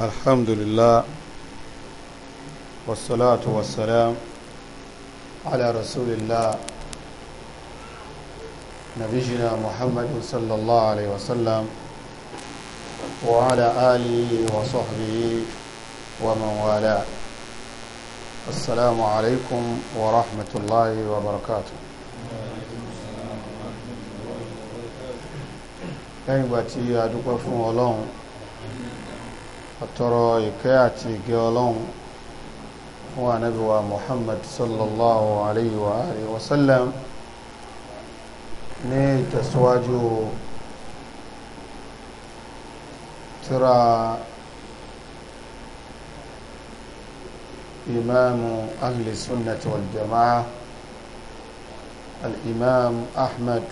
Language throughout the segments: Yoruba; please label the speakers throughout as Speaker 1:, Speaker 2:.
Speaker 1: الحمد لله والصلاة والسلام على رسول الله نبينا محمد صلى الله عليه وسلم وعلى آله وصحبه ومن والاه السلام عليكم ورحمة الله وبركاته لن يبتي أدوك فون àtọrọ ìkẹ́ àti ìgẹ́ ọlọ́run fún ànábì wa Muhammad sallallahu alayhi wa alihi wa sallam ní ìtẹ̀síwájú tírà imamu ahli sunnati wal jama'a Ahmad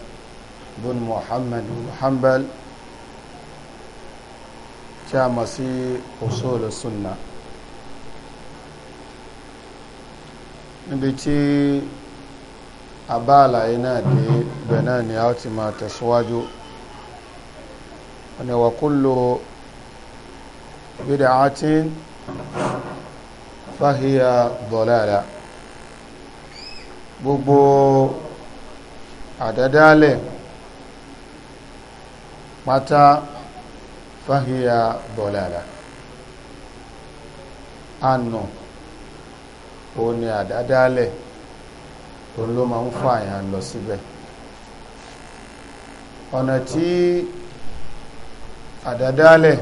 Speaker 1: bin Muhammad Hanbal. Muhammad tí a mọ̀ sí usulu sunna níbi tí a bá àlàyé náà dé ibẹ̀ náà ni a ó ti máa tẹ̀síwájú ọ̀nà wa kullu bid'atin fahiya dalala gbogbo àdádálẹ̀ pátá fáhíyà bọ̀lára ànà òun ni àdádálẹ̀ òun ló máa ń fà àyàn lọ síbẹ̀ ọ̀nà tí àdádálẹ̀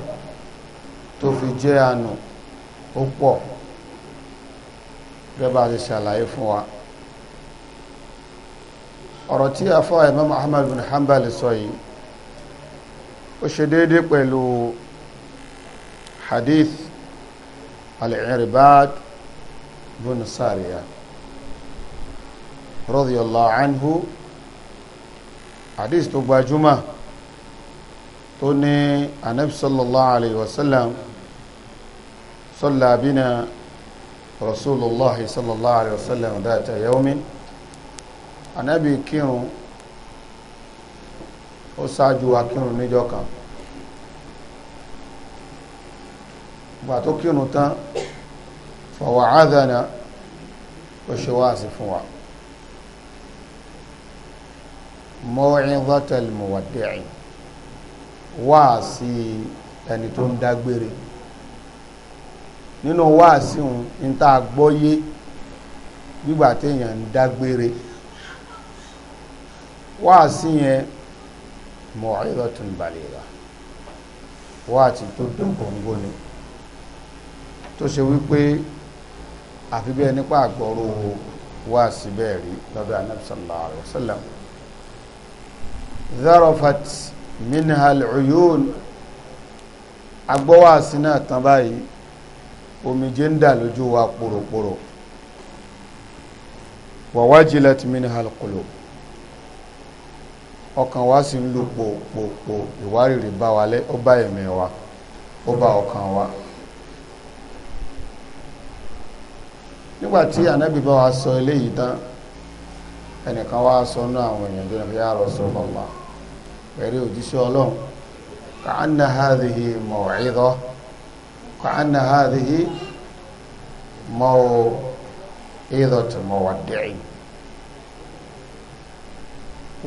Speaker 1: tó fi jẹ́ ànà ó pọ̀ gẹ́gẹ́ bá ṣàlàyé fún wa ọ̀rọ̀ tí àfáà Imam Ahmad bin Hanbal sọ yìí ó ṣe déédé pẹ̀lú hadith al-Irbad bin Sariya radiyallahu anhu hadith tó gbajúmọ̀ tó ní anabi sallallahu alayhi wa sallam صلى بنا رسول الله صلى الله عليه وسلم ذات يوم أنا بكيرو ó ṣáájú wa kírun níjọ kan gbà tó kírun tán fọwọ́ àádọ́nà ó ṣe wáàsí fún wa mọ́wọ́n muwaddi'i wáàsí ẹni tó ń dágbére nínú wáàsí òun ní tá gbọ́yé nígbà téèyàn ń dágbére wáàsí yẹn mọ̀ọ́dọ̀tún balẹ̀ra wáàtí tó dùn gbòǹgbò ni tó ṣe wípé àfi bí ẹni pa àgbọ̀rọ̀ wá síbẹ̀ rí lọ́dọ̀ Ànábì sallallahu alaihi wasallam zarofat minhal ń dà lójú wa pòròpòrò wàwájílẹ̀ tí minhal qulub ọkàn wa sì ń lu pòpòpò ìwárìrì bá wa lẹ́ ó bá ẹ̀mí wa
Speaker 2: ó bá ọkàn wa
Speaker 1: nígbàtí ànábì bá wa sọ eléyìí tán ẹnìkan wá sọ ní àwọn èèyàn tó nàfẹ́ yàrá sọ lọ́la pẹ̀lú òjíṣẹ́ ọlọ́run ka'anna hadhihi maw'idha ka'anna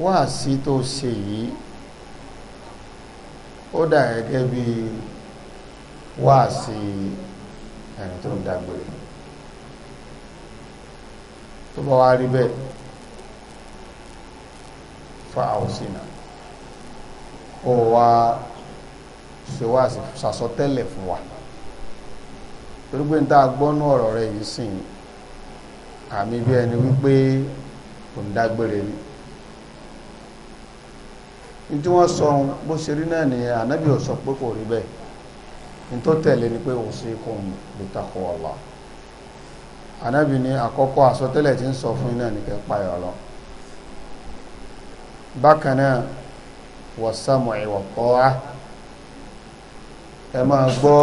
Speaker 1: wáàsí tó ṣe yìí ó dà gẹ́gẹ́ bí wáàsí ẹni tó ń dágbére tó bá wá rí bẹ́ẹ̀ fa àwòsínà ó wá ṣe wáàsí sàsọtẹ́lẹ̀ fún wa torí pé ní tá a gbọ́nú ọ̀rọ̀ rẹ̀ yìí sìn àmì bí ẹni wípé kò ń dágbére ni ní tí wọ́n sọ ohun bó ṣe rí náà ni ànábì ò sọ pé kò rí bẹ́ẹ̀ ní tó tẹ̀lé ni pé òun sí kò ń lè takò ọ̀la ànábì ni àkọ́kọ́ àsọtẹ́lẹ̀ tí ń sọ fún iná ní kẹpa ìrọ̀lọ́ bákan náà wọ̀sàmù ìwọ̀kọ́ á ẹ máa gbọ́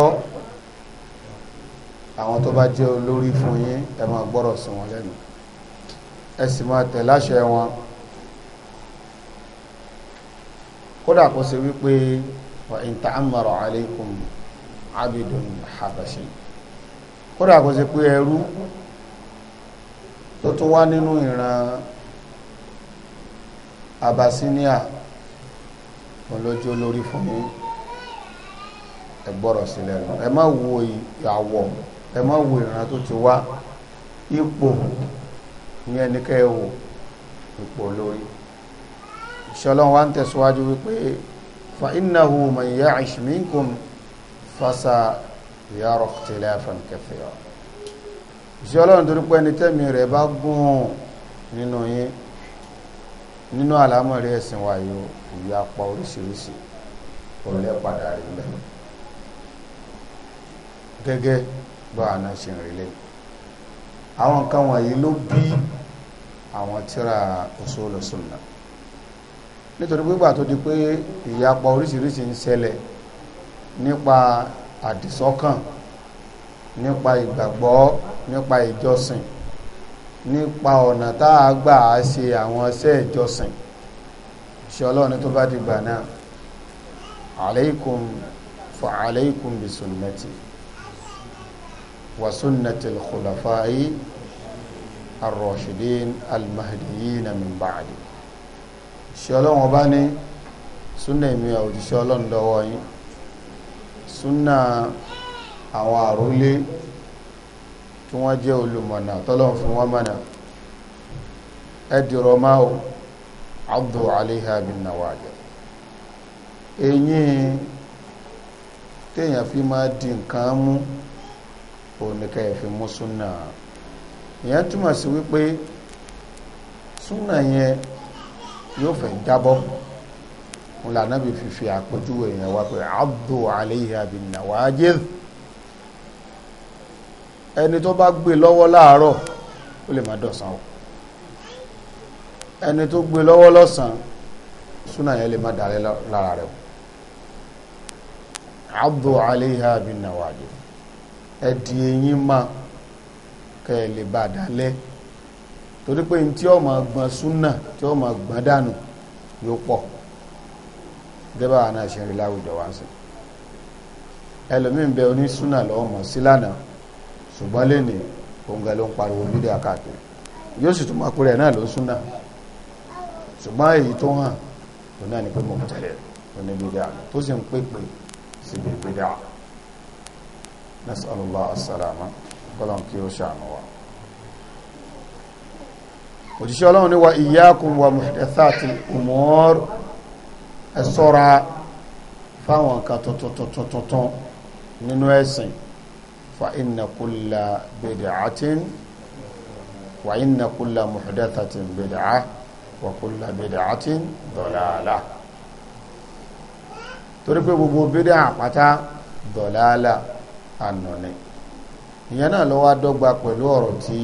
Speaker 1: àwọn tó bá jẹ́ olórí fún yín ẹ máa gbọ́rọ̀ sí wọn lẹ́nu ẹ sì máa tẹ̀láṣẹ wọn kódà kó ṣe wípé wa in ta'ammara alaykum abidun habashi kódà kó ṣe pé ẹrú tó tún wá nínú ìran abasinia olójú olórí fún mi ẹ gbọ́rọ̀ sí lẹ́nu ẹ má wo ẹ má wo ìran tó ti wá ipò ní kẹ́ ẹ ipò olórí ṣọlọ́n wa ń tẹ̀síwájú wípé fa innahu man ya'ish minkum fasa yara ikhtilafan kathira ṣọlọ́n torí pé ẹni tẹ́mi rẹ̀ bá gùn nínú yín nínú àlámọ̀rí ẹ̀sìn wa yóò ìyá pa oríṣiríṣi òrùlẹ̀ padà rí bẹ́ẹ̀ gẹ́gẹ́ bá àná ṣe ń àwọn nǹkan wọ̀nyí ló bí àwọn tíra usulu sunna nítorí pé ìgbà tó di pé ìyapa oríṣiríṣi ń ṣẹlẹ̀ nípa àdìsọ́kàn nípa ìgbàgbọ́ nípa ìjọsìn nípa ọ̀nà tá a gbà á ṣe àwọn iṣẹ́ ìjọsìn ṣe ọlọ́run ní tó bá di gbà náà aleikum fa aleikum bi sunnati wa sunnati al-khulafai ar-rashidin al-mahdiyyin min ba'di òjíṣẹ́ ọlọ́run ọba ní súnà èmi òjíṣẹ́ ọlọ́run dọwọ́ yín súnà àwọn àrólé tí wọ́n jẹ́ olùmọ̀nà tọ́lọ́run fún mọ̀nà máa abdu alaiha bin fi máa di nǹkan mú òníkà ẹ̀fìn mú ìyẹn sí wípé yóò fẹ́ jábọ́ wọn bí fífi àpèjúwe yẹn wá pé abdu alayha bin nawajid ẹni tó bá gbé lọ́wọ́ láàárọ̀ ó lè má dọ̀sán o ẹni tó gbé lọ́wọ́ lọ́sàn súnà yẹn lè má dalẹ̀ lára rẹ̀ o abdu alayha bin nawajid ẹ di ma kẹ́ lè bá torí pé tí ó máa gbọ́n súnà tí ó máa gbọ́n dànù yóò pọ̀ gẹ́bà àná ìṣẹ́rin láwùjọ wá sí ẹlòmíín bẹ oní súnà lọ́wọ́ mọ̀ sí lánàá ṣùgbọ́n lè ní oúnjẹ ló ń pariwo bídí àkàkiri yóò sì tún máa kúrẹ̀ náà ló súnà ṣùgbọ́n èyí tó hàn tó náà ni pé mo tẹ̀lé oníbídí àná tó sì ń pèpè síbi ìbídí àná nasalullah asalama kọlọm ó ṣàánú wa òjíṣẹ́ ọlọ́run ní wa iyyakum wa muhdathatil umur ẹ ṣọ́ra fáwọn nǹkan tuntun nínú ẹ̀sìn fa inna kulla bid'atin wa inna kulla muhdathatin bid'ah wa kulla bid'atin dalalah torí pé gbogbo bídà àpáta dalalah ànọ̀ni ìyẹn náà ló wá pẹ̀lú ọ̀rọ̀ tí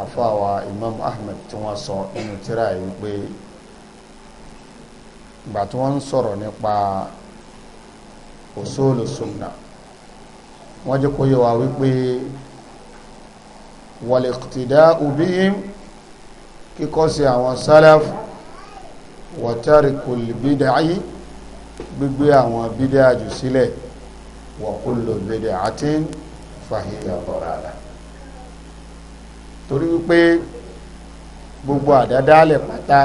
Speaker 1: àfáwà Imam Ahmed tí wọ́n sọ nínú tírà yìí pé ìgbà tí wọ́n ń sọ̀rọ̀ nípa usulu sunna wọ́n jẹ́ kó yé wa wípé wal-iqtida'u bihim kíkọ́ sí àwọn salaf wa tarikul bid'ah gbígbé àwọn bídá jù sílẹ̀ wa kullu bid'atin fahiya dalala torí wípé gbogbo àdádálẹ̀ pátá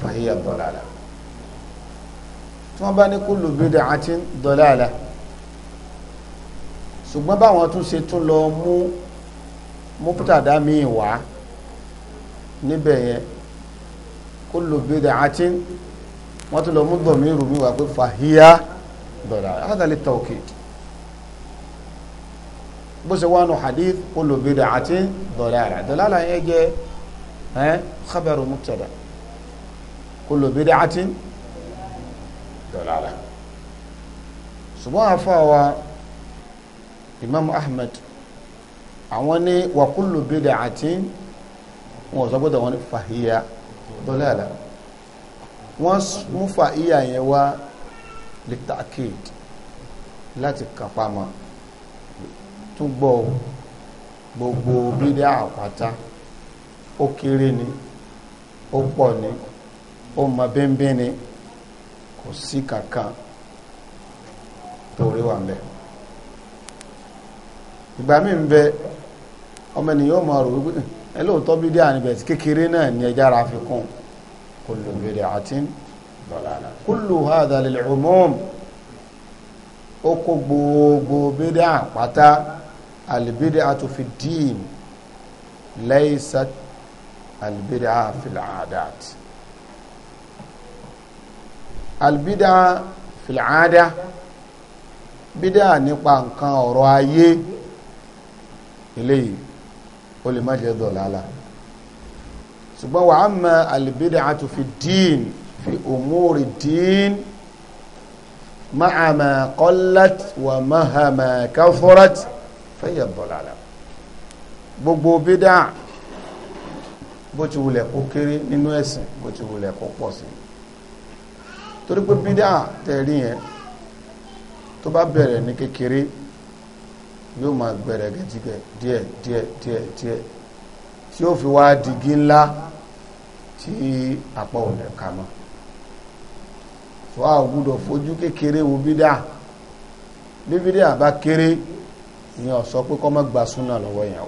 Speaker 1: fàhíyà dọ̀làlà tí wọ́n bá ní kullu bid'atin dọ̀làlà ṣùgbọ́n báwọn tún ṣe tún lọ mú mọ́pútàdá míì wá níbẹ̀ yẹn kullu bid'atin wọ́n tún lọ mú dọ̀mí rùmí wá pé fàhíyà dọ̀làlà hádàlẹ̀ tawkid bó ṣe wánu hadith kullu bid'ati dalalah dalalah yẹn jẹ́ ẹ́ khabaru mubtada kullu bid'ati dalalah ṣùgbọ́n àfọwà imam ahmed àwọn ní wa kullu bid'atin wọn sọ gbọ́dọ̀ wọn ní fàhíyà dalalah wọ́n mú fàhíyà yẹn wá li láti kàpá mọ́ tún gbọ́ ò gbogbo bídá àpáta ó kéré ni ó pọ̀ ni ó ma bẹ́ẹ̀bẹ́ ni kò sí kankan tó wà mẹ́ ìgbà mí ń bẹ ọmọ ènìyàn máa rò wípé ẹlóòótọ́ bídá níbẹ̀ kékeré ni ẹjá ara fi kún ó albid'atu fi ddin laysat albid'a fi l'adat albid'a fi l'adat bídà nípa nǹkan ọ̀rọ̀ ayé eléyìí ó lè má jẹ́ dọ̀làlà ṣùgbọ́n wa amma albid'atu fi ddin fi umuri ddin ma'a qallat wa ma'a kafurat fẹ́yẹ̀ bọ̀làlà gbogbo bídà bó ti wulẹ̀ kó kéré nínú ẹ̀sìn bó ti wulẹ̀ kó pọ̀ sí torí pé bídà tẹ̀rí yẹn tó bá bẹ̀rẹ̀ ní kékeré yóò máa gbẹ̀rẹ̀ gẹ̀dígẹ̀ díẹ̀ díẹ̀ díẹ̀ díẹ̀ tí ó fi wá digi ńlá tí apá ò lè ka mọ́ tó a gbúdọ̀ fojú kékeré wo bídà bí bídà bá kéré ni ó sọ pé kó má gba súnà lọ́wọ́ yẹn o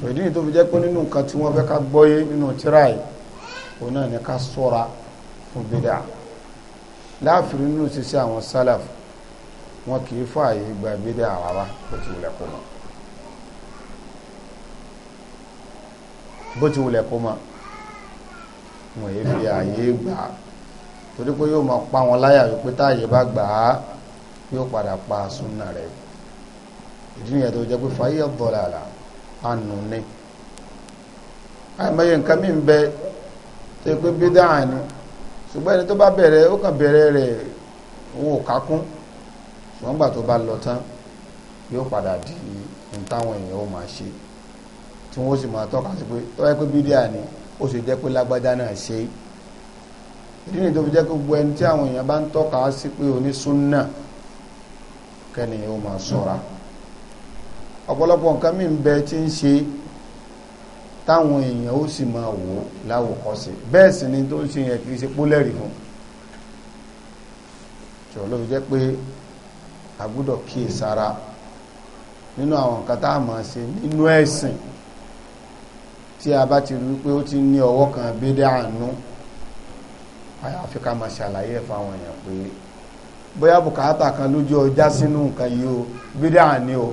Speaker 1: so ìdí nìyí tó fi jẹ́ pé nínú nǹkan tí wọ́n fẹ́ ká gbọ́yé nínú tíra yìí òun náà ni ká sọ́ra fún bídà láàfin nínú ṣiṣẹ́ àwọn sálàf wọn kì í fààyè gba bídà rárá bó ti wulẹ̀ kó mọ́ bó ti wulẹ̀ kó mọ́ wọn yìí fi ààyè gbà torí pé yóò máa pa wọn láyà wípé táàyè bá gbà á yóò padà pa súnà rẹ̀ ìdí nìyẹn tó jẹ́ pé fàyè dọ̀làlà ànú ni àìmọye nǹkan mi ń bẹ tó pé ni ṣùgbọ́n ẹni tó bá bẹ̀rẹ̀ ó kàn bẹ̀rẹ̀ rẹ̀ owó kákún ṣùgbọ́n gbà tó bá lọ yóò padà di ohun táwọn èèyàn ó máa ṣe tí wọ́n sì máa tọ́ka sí pé tó yẹ pé ni ó sì jẹ́ pé lágbájá náà ṣe kẹ́ni ó máa ṣọ́ra ọ̀pọ̀lọpọ̀ nǹkan mí ń bẹ tí ń ṣe táwọn èèyàn ó sì máa wò láwòkọ́ṣe bẹ́ẹ̀ sì ni tó ń ṣe yẹn kì í ṣe pólẹ́rì fún ṣòro ló fi jẹ́ pé a gbọ́dọ̀ kíyè sára nínú àwọn nǹkan tá a máa ṣe nínú ẹ̀sìn tí a bá ti rí pé ó ti ní ọwọ́ kan bí dáa àyàfi ká máa ṣàlàyé fáwọn èèyàn pé bóyá bùkátà kan lójú ọjà sínú nǹkan yìí o bídíà ni o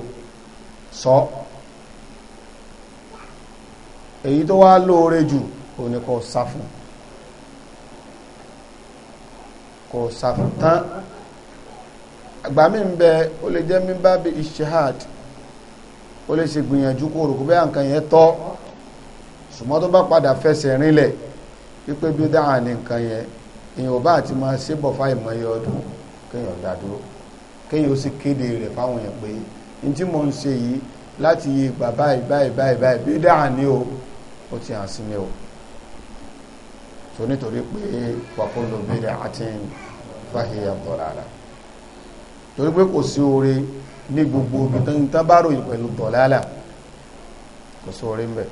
Speaker 1: sọ èyí tó wá lóore jù o ní kò sá fún kò sá fún tán àgbà mi ń bẹ ó lè jẹ́ mi bá bi ishihad ó lè ṣe gbìyànjú kó rò kó bẹ́ẹ̀ nǹkan yẹn tọ́ ṣùgbọ́n tó bá padà fẹsẹ̀ rinlẹ̀ wípé bídíà ni nǹkan yẹn èèyàn ò bá àti máa ṣe bọ̀ fáìmọ̀ yẹ ọdún kéèyàn dá dúró kéèyàn ó sì kéde rẹ̀ fáwọn èèyàn pé n tí mo ń ṣe yìí láti yí ìgbà báyìí báyìí báyìí báyìí bí dáhà ní o ó ti hàn sí mi o tó nítorí pé wàkúndò bèrè àti fàhíyà dọ̀lára torí pé kò sí oore ní gbogbo ibi tán bá ròyìn pẹ̀lú dọ̀lára kò sí oore ń bẹ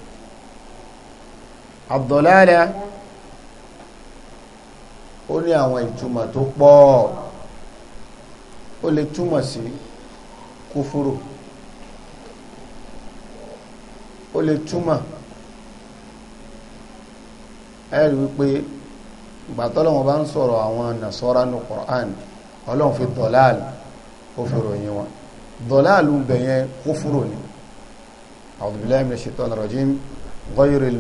Speaker 1: àdọ̀lára ó ní àwọn ìtumọ̀ tó pọ̀ ó lè túmọ̀ sí kúfúrù ó lè túmọ̀ ẹ̀rí wípé ìgbà tọ́lọ́wọ́n bá ń sọ̀rọ̀ àwọn nàṣọ́rá ní Qur'an ọlọ́run fi dọ̀láàlù ó fi ròyìn wọn dọ̀láàlù ń bẹ̀yẹn kúfúrù ni a'udhu billahi minash shaitanir rajim ghayril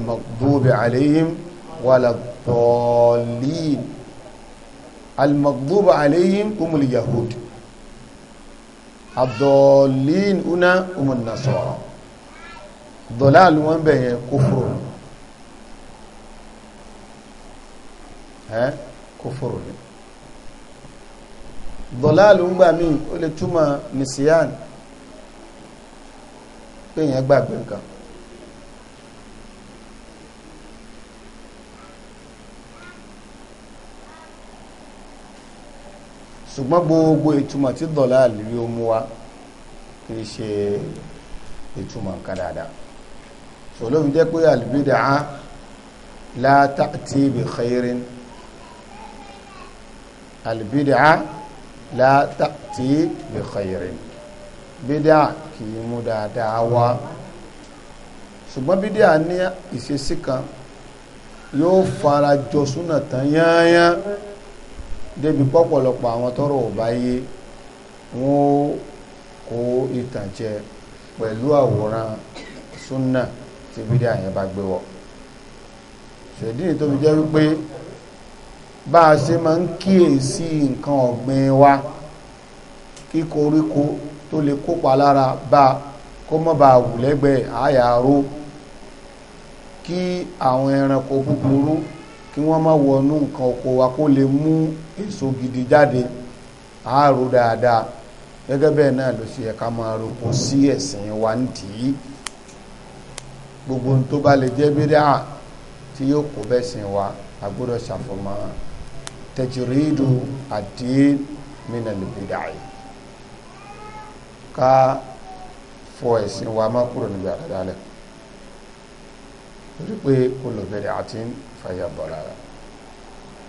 Speaker 1: àdọ̀ọ̀lín una òmìnà sọ̀rọ̀ dọ̀láàlù wọn bẹ̀ yẹn kófòrò ẹ́ kófòrò ni dọ̀láàlù ń gbà míì ó lè túmọ̀ nìsíyàn pé yẹn gbàgbé ṣùgbọ́n gbogbo ìtumọ̀ tí dọ̀là lórí ó mú wa kì í ṣe ìtumọ̀ nǹkan dáadáa ṣòlóbi jẹ́ pé àlùbídà á la ta'ti bi khairin àlùbídà á la ta'ti bi bídà kì í mú dáadáa wá ṣùgbọ́n bídà ní ìṣesí kan yóò fara jọ súnà tán yányán débi pọ́pọ̀lọpọ̀ àwọn tọ́rọ ò bá yé wọ́n kó ìtànjẹ pẹ̀lú àwòrán súnà tí bídíà yẹn bá gbé wọ̀ ṣèdí tó fi jẹ́ wípé bá a ṣe máa ń kíyèsí nǹkan ọ̀gbìn wa kí tó lè kópa lára bá kó mọ́ bá wù lẹ́gbẹ̀ẹ́ àyàró kí àwọn ẹranko búburú kí wọ́n má wọnú nǹkan oko wa kó lè mú èso gidi jáde àárò dáadáa gẹ́gẹ́ bẹ́ẹ̀ náà ló ṣe ẹ̀ka máa roko sí ẹ̀sìn wa ń dì í gbogbo ohun tó bá lè jẹ́ bídà tí yóò kó bẹ́ẹ̀ sìn wa a gbọ́dọ̀ ṣàfọ̀mọ́ tajiridu àdín mínàlì bídà yìí ká fọ ẹ̀sìn wa má kúrò níbi àdáda torí pé olùbẹ̀rẹ̀ àti ayé àbọ̀ rárá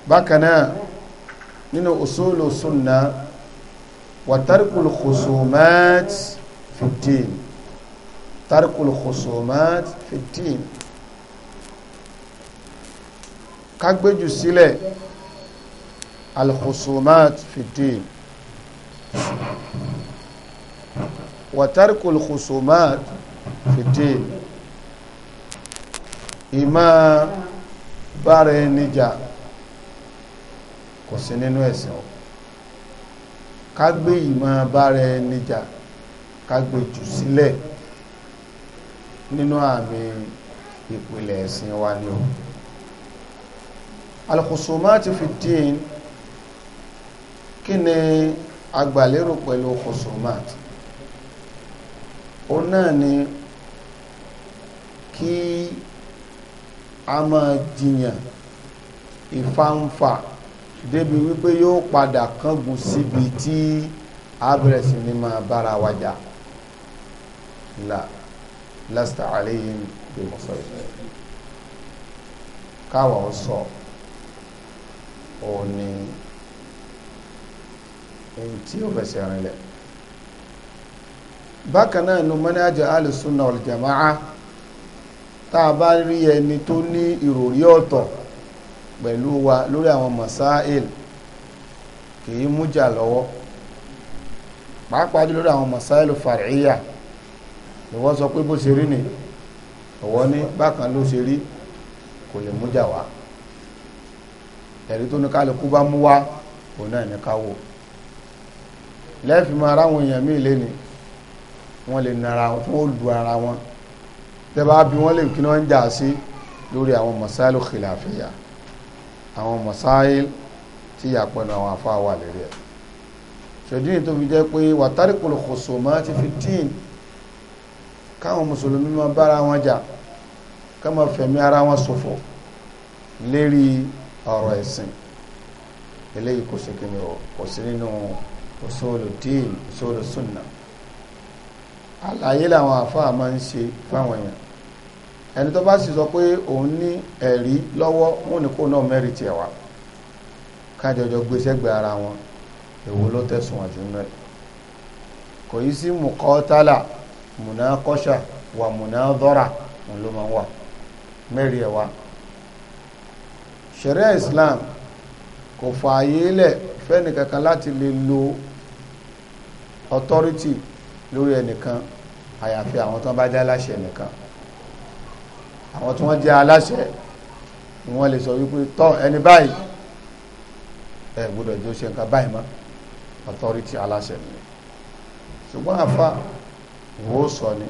Speaker 1: bákan náà nínú usulu sunna wà tarkul khusumat fi ddin tarkul khusumat fi ddin kágbéjù sílẹ̀ alkhusumat fi ddin wà tarkul bára ẹni jà kò sí nínú ẹ̀sìn o ká gbé ìmọ̀ bára ẹni jà ká gbé jù sílẹ̀ nínú àmì ìpìlẹ̀ ẹ̀sìn wa ni o alkhusumati fi din kí ni agbàlérò pẹ̀lú khusumati ó náà ni kí a máa jiyàn ìfanfà débi wípé yóò padà kángun síbi tí a bẹ̀rẹ̀ sí ni máa bára wa jà la lásìtà àléyìn bí mo sọ ìfẹ́ káwọn sọ òun ni èyí tí ó fẹsẹ̀ bákan náà nu manhaj al-sunnah wal tá a bá rí ẹni tó ní ìròrí ọ̀tọ̀ pẹ̀lú wa lórí àwọn masáìl kìí mújà lọ́wọ́ pàápàá jù lórí àwọn masáìl fàríyà ìwọ sọ pé bó ṣe rí ni ọ̀wọ́ ní bákan ló ṣe rí kò lè mújà wá ẹ̀rí tó ní kálukú bá mú wá òun náà ní ká wò lẹ́ẹ̀fì máa ráwọn èèyàn míì lé wọ́n lè nara wọn tó ara wọn tẹ́bá bí wọ́n lè kí wọ́n ń jà sí lórí àwọn masáìlù khilafiyya àwọn masáìl tí yàpẹ̀nu àwọn afá wà lérí ẹ̀ ṣèdí tó fi jẹ́ pé watarikul khusumati fi tíìn káwọn mùsùlùmí máa bára wọn jà ká máa fẹ̀mí ara wọn ṣòfò lérí ọ̀rọ̀ ẹ̀sìn eléyìí kò sí kí ni kò sí nínú usulu tíìn usulu sunnah àlàyé làwọn àfáà máa ń ṣe fáwọn èèyàn ẹni tó bá sì sọ pé òun ní ẹ̀rí lọ́wọ́ wọn ni kó náà mẹ́rin tiẹ̀ wá kájọjọ gbéṣẹ́gbẹ̀ ara wọn èwo ló tẹ̀sùn àjò náà kò yí sí mùkọ́tálà mùnákọ́ṣà wà mùnádọ́rà òun ló máa wà mẹ́rin ẹ̀ wá ṣẹ̀rẹ́ Islam kò fààyè lẹ̀ fẹ́ni kankan láti lè lo authority lórí ẹnìkan àyàfi àwọn tán bá jẹ́ aláṣẹ nìkan àwọn tí wọ́n jẹ́ aláṣẹ ni wọ́n lè sọ wípé tọ́ ẹni báyìí ẹ gbọ́dọ̀ jẹ́ oṣù nǹkan báyìí mọ́ authority aláṣẹ nìyẹn ṣùgbọ́n àfa wo sọ ni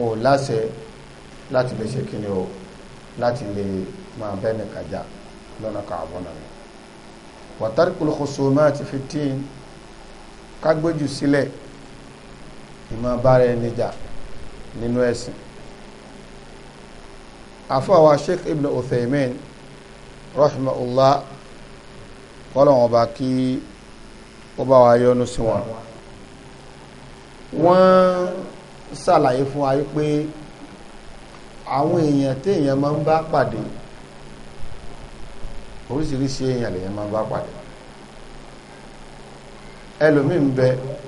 Speaker 1: o láṣẹ láti lè ṣe kíni o láti lè máa bẹ́ẹ̀ nìkan já lọ́nà kààbọ̀ náà wàtàrí kùlùkù sọ́mọ́ àti fìtín kágbéjù sílẹ̀ ìmọ̀ bára ẹni jà nínú ẹ̀sìn àfọwà Sheikh Ibn Uthaymin rahimahullah kọ́lọ̀wọ̀n ọba kí ó bá wa yọ́nú sí wọn wọ́n ṣàlàyé fún wa pé àwọn èèyàn téèyàn máa ń bá pàdé oríṣiríṣi èèyàn lèèyàn máa ń bá pàdé ẹlòmíín bẹ́ẹ̀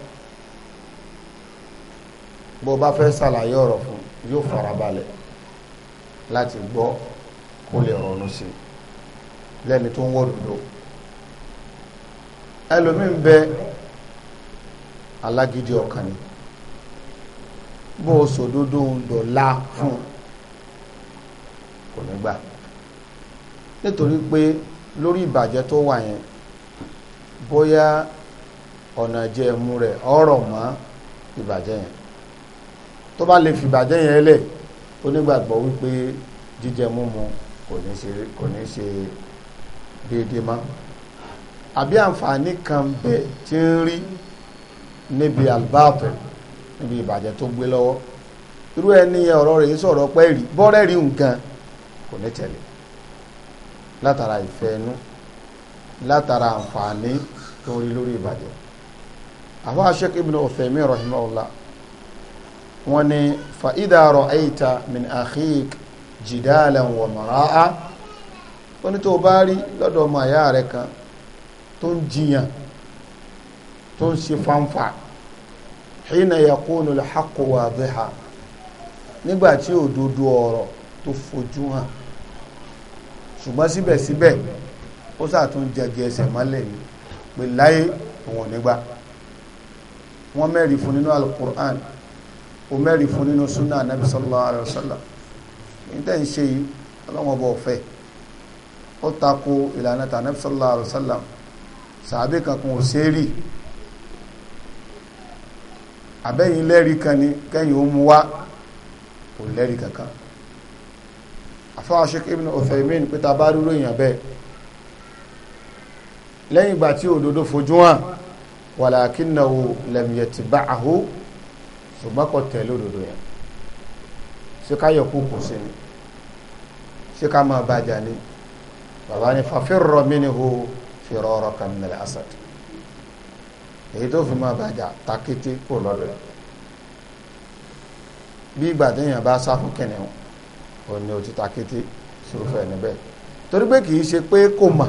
Speaker 1: bó bá fẹ́ ṣàlàyé ọ̀rọ̀ fún yóò farabalẹ̀ láti gbọ́ kó lè ronú sí lẹ́ni tó ń wọ́ dúdú ẹlòmíín bẹ alágídí ọkàn ni bó o sòdodo ń dọ̀la fún kò ní gbà nítorí pé lórí ìbàjẹ́ tó wà yẹn bóyá ọ̀nà jẹ́ ẹ̀mú rẹ̀ ọ̀rọ̀ mọ́ ìbàjẹ́ yẹn tó bá lè fìbàjẹ́ yẹn lẹ̀ ó nígbàgbọ́ wípé jíjẹ múmu kò ní ṣe kò ní ṣe déédéé má àbí àǹfààní kan bẹ tí ń rí níbi albaapu níbi ìbàjẹ́ tó gbé lọ́wọ́ irú ẹni ọ̀rọ̀ rẹ̀ sọ̀rọ̀ pẹ́ rí bọ́rẹ́ rí nǹkan kò ní tẹ̀lé látara ìfẹ́ inú látara àǹfààní tó rí lórí ìbàjẹ́ àwọn Sheikh Ibn Uthaymin rahimahullah wọ́n ní fa idha ra'ayta min akhik jidalan wa mara'a wọ́n ní tó bá rí lọ́dọ̀ ọmọ àyá rẹ̀ kan tó ń jiyàn tó ń ṣe fanfa hina yakunu al-haqqu wadhiha nígbàtí òdodo ọ̀rọ̀ tó fojú hàn ṣùgbọ́n síbẹ̀síbẹ̀ ó sàtún jẹjẹ ẹsẹ̀ mọ́lẹ̀ ni pé láyé nígbà wọ́n mẹ́rin fún nínú al o mẹ́rin fún nínú súnà anábì sallallahu alaihi wasallam níta ń ṣe yìí ọlọ́wọ́n bọ̀ fẹ́ ó tako ìlànà tà anábì sallallahu alaihi wasallam sàábì kankan ò ṣe rí àbẹ́yìn lẹ́rìí kan ni kẹ́yìn ó mú wá kò lẹ́rìí kankan àfáà Sheikh Ibn Uthaymin pé ta bá rúrú èèyàn bẹ́ẹ̀ lẹ́yìn ìgbà tí òdodo fojú hàn walakinnahu lam yatba'hu ṣùgbọ́n kò tẹ̀ lódodo yẹn ṣé ká yọ kúkú sí ni ṣé ká máa bàjá ni bàbá ni fafirru minhu firaraka minal asad èyí tó fi máa bàjá takété kò lọ́dọ̀ yẹn bí ìgbà téèyàn bá sá fún kìnìún ò ní òtí takété sírúfẹ́ níbẹ̀ torí pé kì í ṣe pé kò mà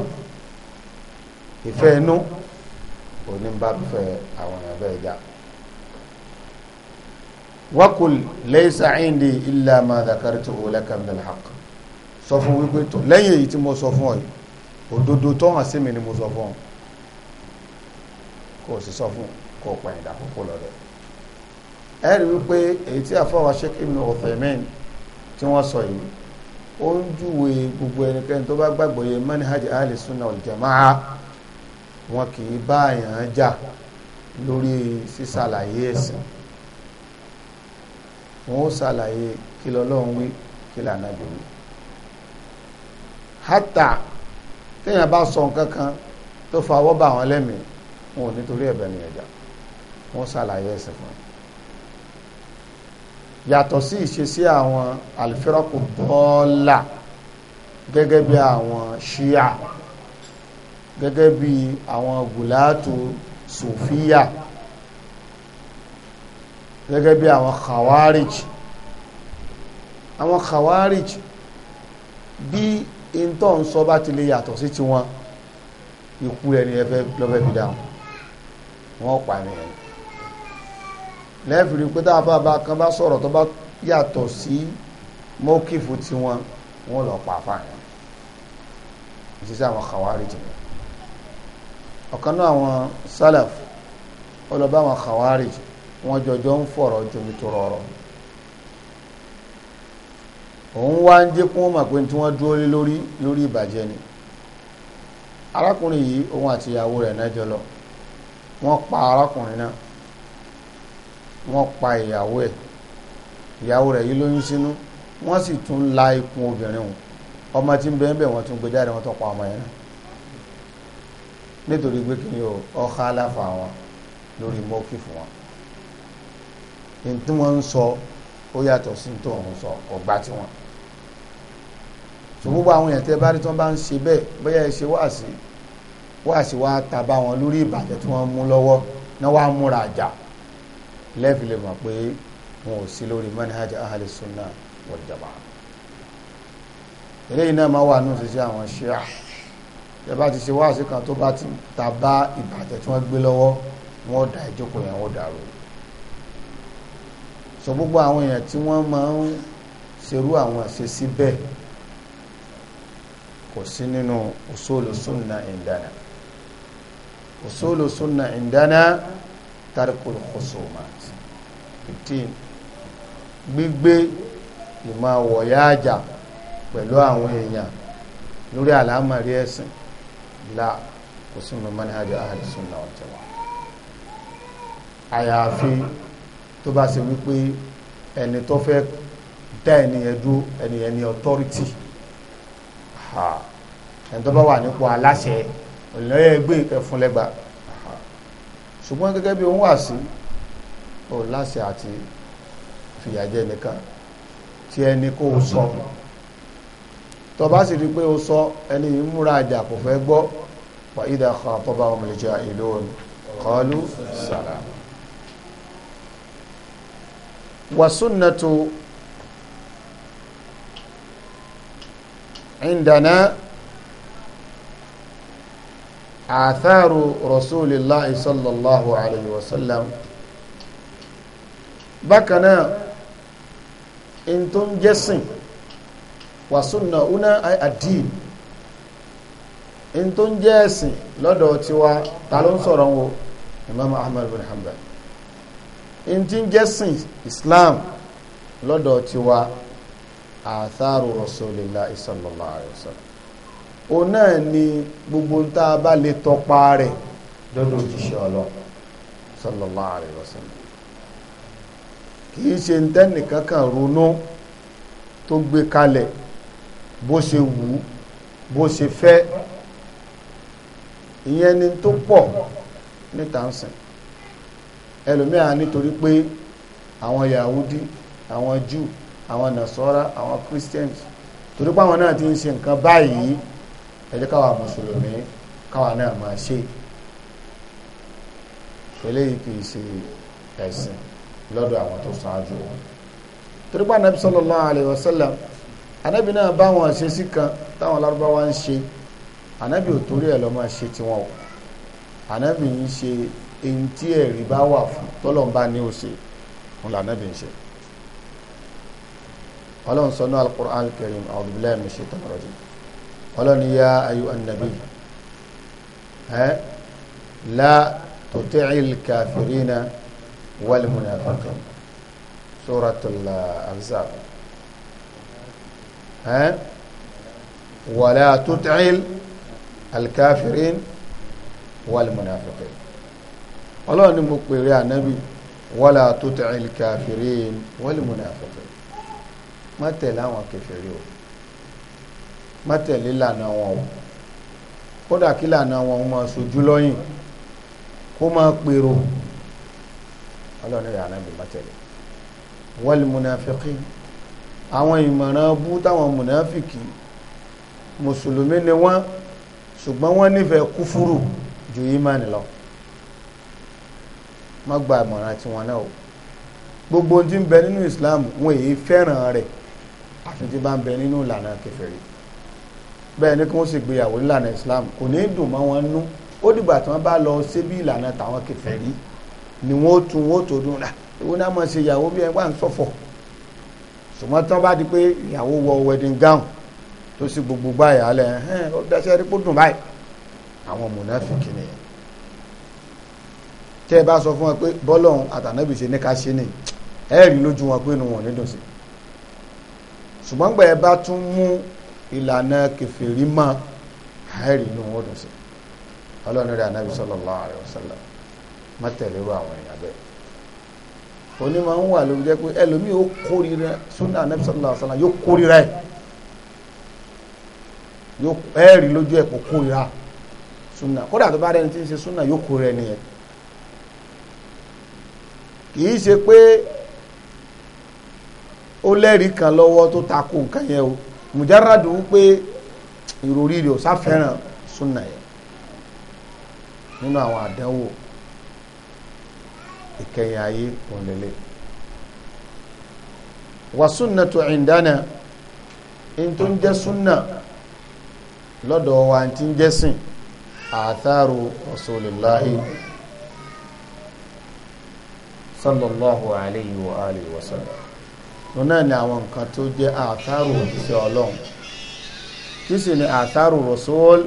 Speaker 1: ìfẹ́ inú òní ń bá fẹ́ àwọn èèyàn bẹ́ẹ̀ jà wakul laysa indi illa ma dhakartuhu laka min alhaq sọ fún wípé tó lẹ́yìn èyí tí mo sọ fún ọ yìí òdodo tó hàn sí mi ni mo sọ fún ọ kò sì sọ fún kò pa ìdá àkókò lọ́dọ̀ ẹ rí wípé èyí tí àfọwà Sheikh Ibn Uthaymin tí wọ́n sọ yìí ó ń júwe gbogbo ẹnikẹ́ni tó bá gbàgbọ́ yẹ manhaj ahli sunna wal jamaa wọn kì í bá àyàn já lórí sísàlàyé ẹ̀sìn wọn ó ṣàlàyé kí lọ́lọ́run wí kí lànà bìrì hátà téèyàn bá sọ nǹkan kan tó fa ọwọ́ bá wọn lẹ́mìí wọn ò nítorí ẹ̀bẹ̀ ní ẹ̀já wọn ṣàlàyé ẹ̀sìn fún un yàtọ̀ sí ìṣesí àwọn àlùfẹ́rọ́kù bọ́ọ̀là gẹ́gẹ́ bí àwọn ṣíà gẹ́gẹ́ bí àwọn gùlátù sòfíà. So gẹ́gẹ́ bí àwọn khawarij àwọn khawarij bí ìntọ́ ń sọ bá ti lè yàtọ̀ sí tiwọn ikú ẹni ẹfẹ́ lọ́fẹ́ fi dáhùn wọ́n pa ni ẹni lẹ́fìrí pé tá a bá bá kan bá sọ̀rọ̀ tó bá yàtọ̀ sí mọ́kìfù tiwọn wọ́n lọ pa fáyà ìṣiṣẹ́ àwọn khawarij ọ̀kan náà àwọn salaf ó lọ àwọn khawarij wọn jọjọ ń fọ̀rọ̀ jomi tó rọrọ òun wá ń jẹ́ kún mọ̀ pé tí wọ́n dúró lé lórí lórí ìbàjẹ́ ni arákùnrin yìí òun àti ìyàwó rẹ̀ náà jọ lọ wọ́n pa arákùnrin náà wọ́n pa ìyàwó ẹ̀ ìyàwó rẹ̀ yìí lóyún sínú wọ́n sì tún la ikùn obìnrin òun ọmọ tí ń bẹ ń bẹ wọ́n tún gbé jáde wọ́n tún pa ọmọ yẹn náà nítorí pé kí ni o ọ̀hálà fà wọn lórí mọ́kì fún wọn ntí wọ́n ń sọ ó yàtọ̀ sí tó ń sọ ọgbà tí wọ́n so gbogbo àwọn èèyàn tẹ́ bá rí tí wọ́n bá ń ṣe bẹ́ẹ̀ bóyá ẹ ṣe wáàsí wáàsí wa ta bá wọn lórí ìbàjẹ́ tí wọ́n mú lọ́wọ́ náà wàá múra àjà lẹ́ẹ̀fì lè mọ̀ pé wọn ò sí lórí manhaj ahli sunnah wal jamaa eléyìí náà máa wà nù sí sí àwọn ṣíà tẹ́ bá ti ṣe wáàsí kan tó bá ti ta bá tí wọ́n gbé lọ́wọ́ wọn ò dá ìjókòó yẹn wọn ò dàrú sọ gbogbo àwọn èèyàn tí wọ́n máa ń ṣerú àwọn àṣesí bẹ́ẹ̀ kò sí nínú usulu sunna indana usulu sunna indana tarikul khusumat 15 gbígbé ìmọ̀ wọ̀yáàjà pẹ̀lú àwọn èèyàn lórí àlámọ̀rí ẹ̀sìn la kò sínú manhaj ahli sunna wal jamaa àyàfi tó bá ṣe wípé ẹni tó fẹ́ dá ẹni yẹn dúró ẹni yẹn ní authority ẹni tó bá wà nípò aláṣẹ ìlọ́yẹ̀ gbé ẹ̀fún lẹ́gbàá ṣùgbọ́n gẹ́gẹ́ bí òun wà sí ò láṣẹ àti fìyàjẹ́ nìkan tí ẹni kó o sọ tó bá sì rí pé o sọ ẹni yìí múra àjà kò fẹ́ gbọ́ wà ìdá kan tó bá wọn lè jẹ ìlú òun kọlu sàlámù والسنة عندنا آثار رسول الله صلى الله عليه وسلم بكنا انتم جسن وسنة هنا أي الدين انتم جسن لدو توا تعالوا نصروا إمام أحمد بن حنبل in ti islam lọ́dọ̀ tiwa àtharu rasulillahi sallallahu alaihi wasallam o náà ni gbogbo tá a bá lè tọpa rẹ̀ lọ́dọ̀ òjíṣẹ́ ọlọ́run sallallahu alaihi wasallam kìí ṣe ń tẹ́nìkan kan ronú tó gbé kalẹ̀ bó ṣe wù ú bó ṣe fẹ́ ìyẹn ni tó pọ̀ níta ń sìn ẹlòmíà nítorí pé àwọn yahudi àwọn jew àwọn nasọ́ra àwọn christians torí pé àwọn náà ti ń ṣe nǹkan báyìí ẹ jẹ́ káwa mùsùlùmí káwa náà máa ṣe eléyìí kì í ṣe ẹ̀sìn lọ́dọ̀ àwọn tó ṣáájú wọn torí anabi sallallahu alayhi wa sallam anabi náà bá wọn ṣe sí kan táwọn lárúbáwá ń ṣe anabi ò torí ẹ̀ lọ́ máa ṣe tiwọn o anabi ń ṣe èyí tí ẹ̀rí bá wà fún tọ́lọ́mbà ní òsè fún lànàbí ń ṣe ọlọ́run sọ ní al-Qur'an al-Karim a'udhu billahi minash shaitanir rajim ọlọ́run ya ayyuhan nabi ẹ́ la tuti'il ọlọ́run ni mo pèrè ànábì wala tuti'il kafirin wal munafiqin má tẹ̀lé àwọn kèfèrí o má tẹ̀lé lànà wọn o kódà kí lànà wọn o máa sojú lọ́yìn kó máa pèrò ọlọ́run ni ànábì má tẹ̀lé wal munafiqin àwọn ìmọ̀ràn bú táwọn mùnàfíkì mùsùlùmí ni wọ́n ṣùgbọ́n wọ́n nífẹ̀ẹ́ kúfúrù ju ìmánì lọ má gba àmọ̀ràn tiwọn náà o gbogbo ohun tí ń bẹ nínú Islam wọn èyí fẹ́ràn rẹ̀ àfi tí bá ń bẹ nínú ìlànà kèfèrí bẹ́ẹ̀ ni kí wọ́n sì gbéyàwó nílànà Islam kò ní í dùn mọ́ wọn nú ó dìgbà tí wọ́n bá lọ síbi ìlànà tàwọn kèfèrí ni wọ́n ó tún wọ́n tó dùn rà ìwọ náà mọ̀ ṣe ìyàwó bí ẹ wà ń ṣọ̀fọ̀ ṣùgbọ́n tí wọ́n bá di pé ìyàwó wọ wedding gown tó sì gbogbo báyà lẹ̀ ẹ̀ ọ́ dẹ́sẹ̀ rí kó dùn báyìí àwọn mùnáfíkì nìyẹn tẹ́ ẹ bá sọ fún wọn pé bọ́lọ́hún àtànábì ṣe ní ká ṣe ní ẹ rí lójú wọn pé inú wọn ò ní sí ṣùgbọ́n gbà ẹ bá tún mú ìlànà kẹfìrí mọ́ ẹ rí inú wọn ò sí ọlọ́run rẹ̀ ànábì sallallahu alaihi wasallam má tẹ̀lé ru àwọn èèyàn bẹ́ẹ̀ òní máa ń wà ló jẹ́ pé ẹlòmíì ó kórira sunna ànábì sallallahu alaihi wasallam yóò kórira ẹ̀ yóò ẹ rí lójú ẹ̀ kó kórira sunna kódà tó bá rẹni tí kìí ṣe pé ó lẹ́rìí kan lọ́wọ́ tó takò nǹkan yẹn o mùjáradù pé ìròrí rẹ̀ ò sáfẹ́ràn súnà yẹn nínú àwọn àdánwò ìkẹyìn ayé òǹlẹ̀lẹ̀ wà súnà tó ìndánà in tó ń jẹ́ súnà lọ́dọ̀ wa ti ń jẹ́sìn àtàrò Rasulullahi sallallahu alayhi wa alihi wa sallam òun náà ni àwọn nǹkan tó jẹ́ àtàrò òṣìṣẹ́ ọlọ́run kí sì ni àtàrò rasul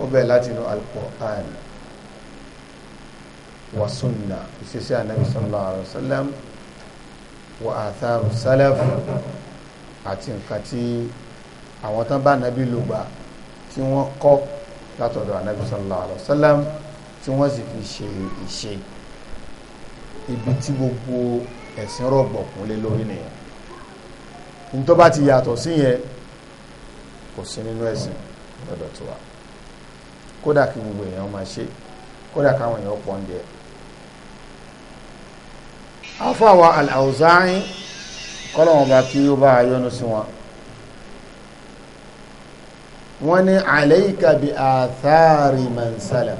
Speaker 1: ó bẹ̀ láti inú al-Qur'an wa sunna ìṣiṣẹ́ anabi sallallahu alayhi wa sallam wa àtàrò salaf àti nǹkan tí àwọn tán bá anabi lò gbà tí wọ́n kọ́ látọ̀dọ̀ anabi sallallahu alayhi wa sallam tí wọ́n sì fi ṣe ìṣe ibi tí gbogbo ẹ̀sìn rọ̀gbọ̀ kúnlé lórí nìyẹn ní tó bá ti yàtọ̀ sí yẹn kò sí nínú ẹ̀sìn lọ́dọ̀ tó wa kódà kí gbogbo èèyàn máa ṣe kódà káwọn èèyàn pọ̀ ń díẹ̀ afáwa al kọ́lọ̀wọ̀n bá kí ó bá yọ́nú sí wọn wọ́n ní alayka bi athari man salaf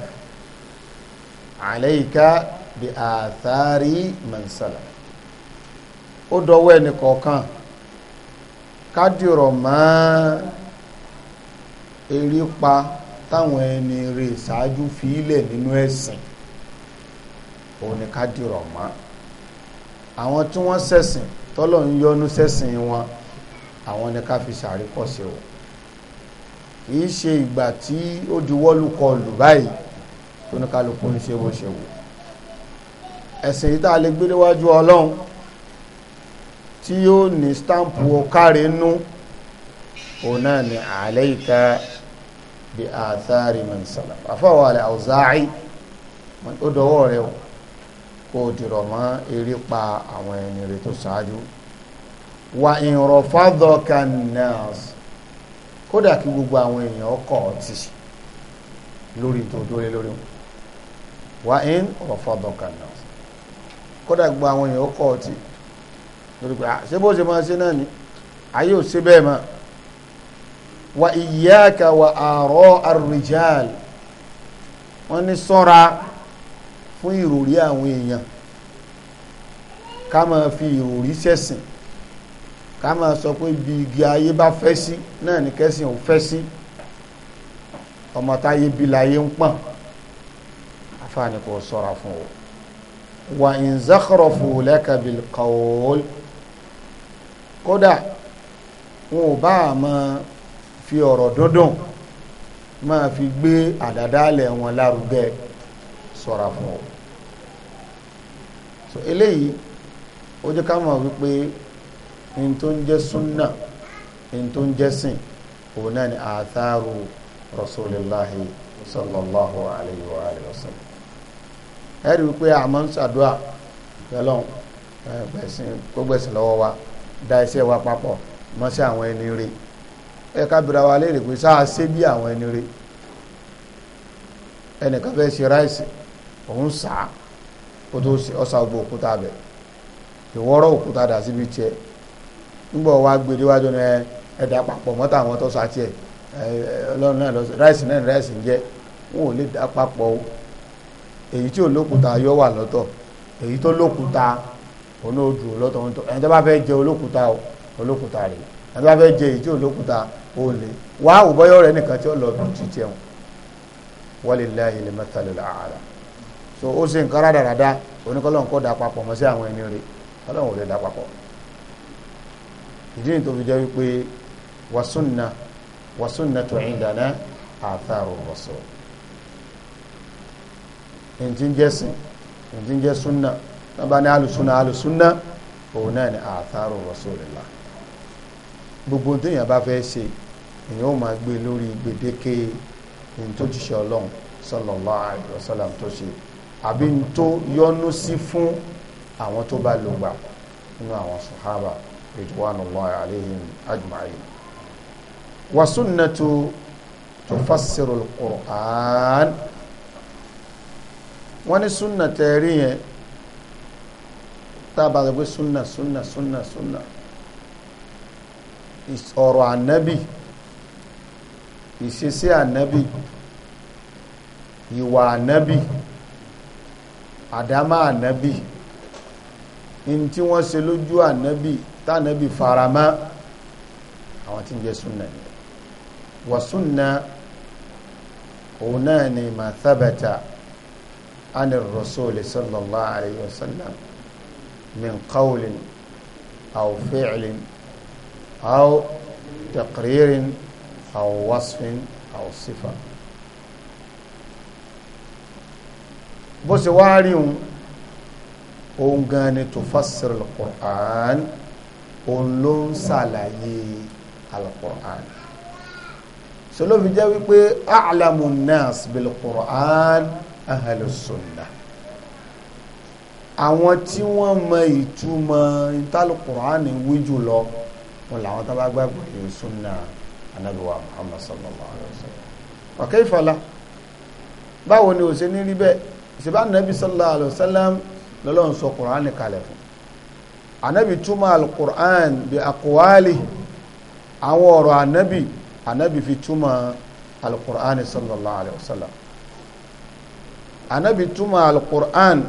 Speaker 1: bí àtàrí mọ̀nsálà ó dọwọ́ ẹnì kọ̀ọ̀kan kádìrọ̀ mọ́ erípa táwọn ẹni rè ṣáájú fi nínú ẹ̀sìn òun ni kádìrọ̀ mọ́ àwọn tí wọ́n ṣẹ̀sìn tọ́lọ̀ ń yọnu ṣẹ̀sìn wọn àwọn ni ká fi ṣàríkọ̀ sí o kì í ṣe ìgbà tí ó diwọ́lùkọlù báyìí tó ní kálukú ń ṣe bó ṣe wù ẹ̀sìn yìí tá a lè gbé níwájú ọlọ́run tí yóò ní stampu ọkàrẹ̀ nú òun náà ni àlẹ́yìká bí àtàrí mẹ́sàlá àfọwọ́ àlẹ́ àwùzáì ó dọwọ́ rẹ̀ o dìrọ̀ mọ́ eré pa àwọn ẹni rẹ̀ tó ṣáájú wa ìrọ̀ fádọ́ka nas kódà kí gbogbo àwọn èèyàn ọkọ̀ ọtí lórí tó dóre lórí wa ìrọ̀ fádọ́ka nas kódà gbogbo àwọn èèyàn kọ̀ ọtí lórí pé ṣé bó ṣe máa ṣe náà ni ayé ò ṣe bẹ́ẹ̀ mọ́ wa iyyaka wa àárọ̀ ar-rijal wọ́n ní sọ́ra fún ìròrí àwọn èèyàn ká máa fi ìròrí ṣẹ̀sìn ká máa sọ pé bí igi ayé bá fẹ́ sí náà ni kẹ́sìn ò fẹ́ sí ọmọ táyé bí láyé ń pọ̀n àfààní kò sọ́ra fún o wà ń zakhrafu laka bil qawl kódà wọn ò bá máa fi ọ̀rọ̀ dúndùn máa fi gbé àdádálẹ̀ wọn lárugẹ ṣọ́ra fún ọ so eléyìí ó jẹ́ ká mọ̀ wípé in tó ń jẹ́ súnà in tó ń jẹ́ sìn òun náà ni àtàrù rasulillahi sallallahu alayhi wa sallam ẹ̀rí wípé àmọ́ ń ṣàdúrà pẹ̀lọ́ gbẹ̀sìn gbẹ̀sìn lọ́wọ́ wa da iṣẹ́ wa papọ̀ mọ́ sí àwọn ẹni rí ẹ ká bira wa léèrè pé sáà ṣe bí àwọn ẹni rí ẹnìkan fẹ́ ṣe ráìsì òun sà á kó tó ṣe ọ̀sà gbogbo òkúta bẹ̀ ìwọ́rọ̀ òkúta dà síbi tiẹ̀ nígbà wa gbèdé wájú ni ẹ̀dá papọ̀ mọ́tà àwọn tó sa tiẹ̀ ọlọ́run náà lọ ráìsì náà ráìsì ń jẹ́ wọn ò lè dá papọ̀ o. èyí tí ò lókúta yọ wà lọ́tọ̀ èyí tó lókúta òun ó lọ́tọ̀ òun ẹni tó bá fẹ́ jẹ olókúta olókúta rèé ẹni tó bá fẹ́ jẹ èyí tí ò lókúta wá òbọ́yọ̀ rẹ̀ nìkan tí ó lọ bí ti so ó sì ń kára dáradá oníkọ́lọ́n kọ́ da papọ̀ mọ́ sí àwọn ẹni rẹ̀ ò lè da papọ̀ ìdí fi jẹ́ wípé wàsúnà wàsúnà tó ń dáná àtàrò ntí ń jẹ́sìn ntí ń jẹ́ súnà tábà ní alùsúnà alùsúnà òun náà ni àtàrò rasulillah gbogbo téèyàn bá fẹ́ ṣe èèyàn ó máa gbé lórí gbèdéke ntójúṣe ọlọ́run sallallahu alaihi wasallam tó ṣe àbí tó yọ́nú sí fún àwọn tó bá lògbà nínú àwọn sàhábà ridwanullahi alaihim ajma'in wa sunnatu tufassiru al-Qur'an wọ́n ní súnà tẹ̀rí yẹn tá a bá sọ pé súnà súnà súnà súnà ọ̀rọ̀ ànábì ìṣesí ànábì ìwà ànábì àdámà ànábì in tí wọ́n ṣe lójú ànábì tánàbì faramá àwọn tí ń jẹ́ súnà ni wà súnà òun náà ni màthabata عن الرسول صلى الله عليه وسلم من قول أو فعل أو تقرير أو وصف أو صفة بوسواري òun gan ni tufassir al-Qur'an òun ló ń ṣàlàyé al-Qur'an sọlọ́fi jẹ́ wípé a'lamu an-nas bil-Qur'an. So, ahlus sunnah àwọn tí wọ́n mọ ìtumọ̀ ìtàlù kùránì wí jùlọ wọn làwọn tó bá gbàgbọ́ yìí súnà anábìwá muhammad sallallahu alayhi wa sallam ọ̀kẹ́ ìfọ̀lá báwo ni ó ṣe ní rí bẹ́ẹ̀ ìṣèbá nàbí sallallahu alayhi wa sallam lọ́lọ́run sọ kùránì kalẹ̀ fún anábì túmọ̀ alkùrán bí àkùwálì àwọn ọ̀rọ̀ anábì anábì fi túmọ̀ alkùránì sallallahu alayhi wa sallam anabi túmọ̀ alukur'an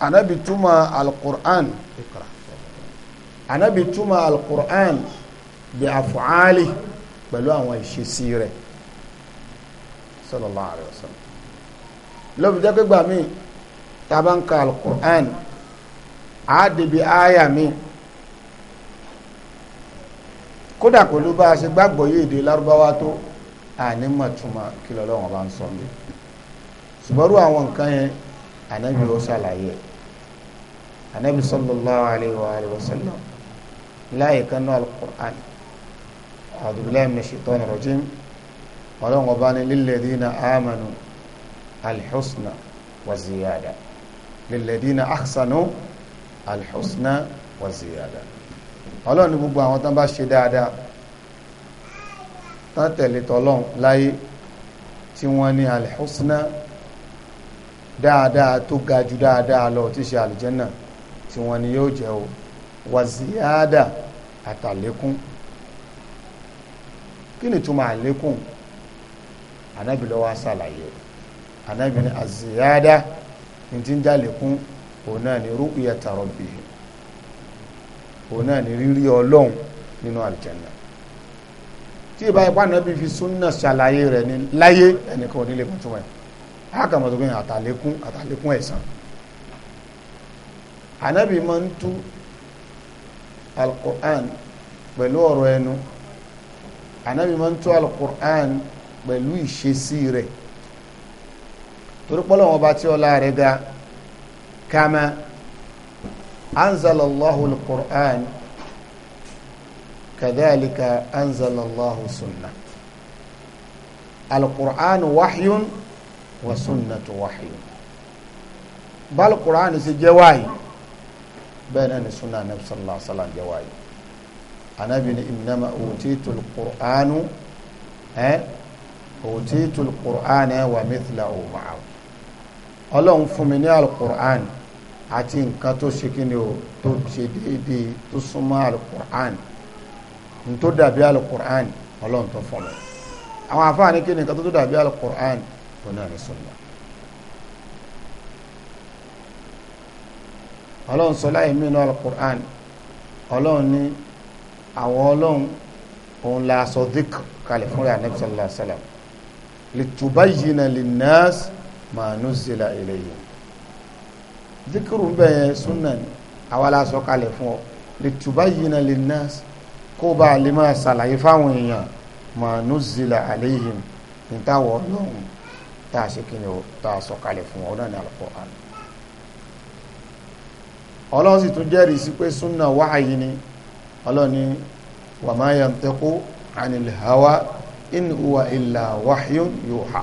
Speaker 1: anabi túmọ̀ alukur'an anabi túmọ̀ alukur'an bí afu'ali pẹ̀lú àwọn ìṣesí rẹ̀ sallallahu alayhi wa sallam lọ́bi jẹ́ pẹ́gbà míì tàbá ń ka alukur'an àádìbí àyà míì kódà pẹ̀lú bá a ṣe gbàgbọ́ yé lárúbáwá tó ànímọ̀túnmọ̀ kí lọ́lọ́wọ́n bá ń sọ mí ṣùgbọ́n àwọn nǹkan yẹn ànábì ó ṣàlàyé ànábì sallallahu alayhi wa alihi wa sallam láyé kanú al-Qur'an a'udhu billahi minash shaitani rajim ọlọ́wọ́n bá ní lilladhina amanu al-husna wa ziyada lilladhina ahsanu al-husna wa ziyada ọlọ́run ní gbogbo àwọn tán bá ṣe dáadáa tán tẹ̀lé tọ́lọ́n láyé tí wọ́n ní alhusna dáadáa tó ga jù dáadáa lọ tí ṣe aljanna tí wọ́n ní yóò jẹ́ o wàzíyáàdà àtàlékún kí ni túmọ̀ àlékún anábì ló wá ṣàlàyé anábì ní àzíyáàdà ń jàlékún òun náà ní ru'yata rabbih òun náà ní rírí ọlọ́run nínú aljanna tí ìbá ipá nàbí fi súnà ṣàlàyé rẹ̀ ní láyé ẹnìkan onílé kan túmọ̀ ẹ̀ hákàmọ́ tó gbìyànjú àtàlékún àtàlékún ẹ̀sán ànábì máa ń tú alukur'an pẹ̀lú ọ̀rọ̀ ẹnu ànábì máa ń tú alukur'an pẹ̀lú ìṣesí rẹ̀ torí pé Ọlọ́hun tí ọlá rẹ̀ ga kama anzalallahu alukur'an kadhalika anzalallahu sunna alukur'an wahyun wa sunnatu wahyun balukur'an ṣe jẹ́ wáyé bẹ́ẹ̀ náà ni sunna anabi sallallahu alaihi wa sallam jẹ́ wáyé anabi ni innama utitu alukur'anu ẹ́ òtítù alukur'an ẹ̀ wà mithla ma'ahu ọlọ́run fún mi ní alukur'an àti nǹkan tó ṣe kí ni o tó ṣe déédéé tó súnmọ́ alukur'an tó dàbí alukur'an ọlọ́run tó fún mi àwọn afáàní kí ni nǹkan tó dàbí alukur'an tó náà ní sọlá ọlọ́run sọlá yìí mìíràn alukur'an ọlọ́run ní àwọn ọlọ́run òun la sọ dík kalẹ̀ fúnra anabi sọlá sọlá litubayyina linnas ma nuzila ilayhim díkìrù bẹ́ẹ̀ súnà ni àwa la kalẹ̀ fún ọ litubayyina linnas kó bá a lè máa ṣàlàyé fáwọn èèyàn mà nùzìlà àléhìn nítawọ̀ ọlọ́run tá a ṣe kí ni o tá a sọ̀kalẹ̀ fún ọ náà ní Al-Qur'an ọlọ́run sì tún jẹ́rìí sí pé súnà wáhàyí ni ọlọ́run ni wa ma yantiqu anil hawa in huwa illa wahyun yuha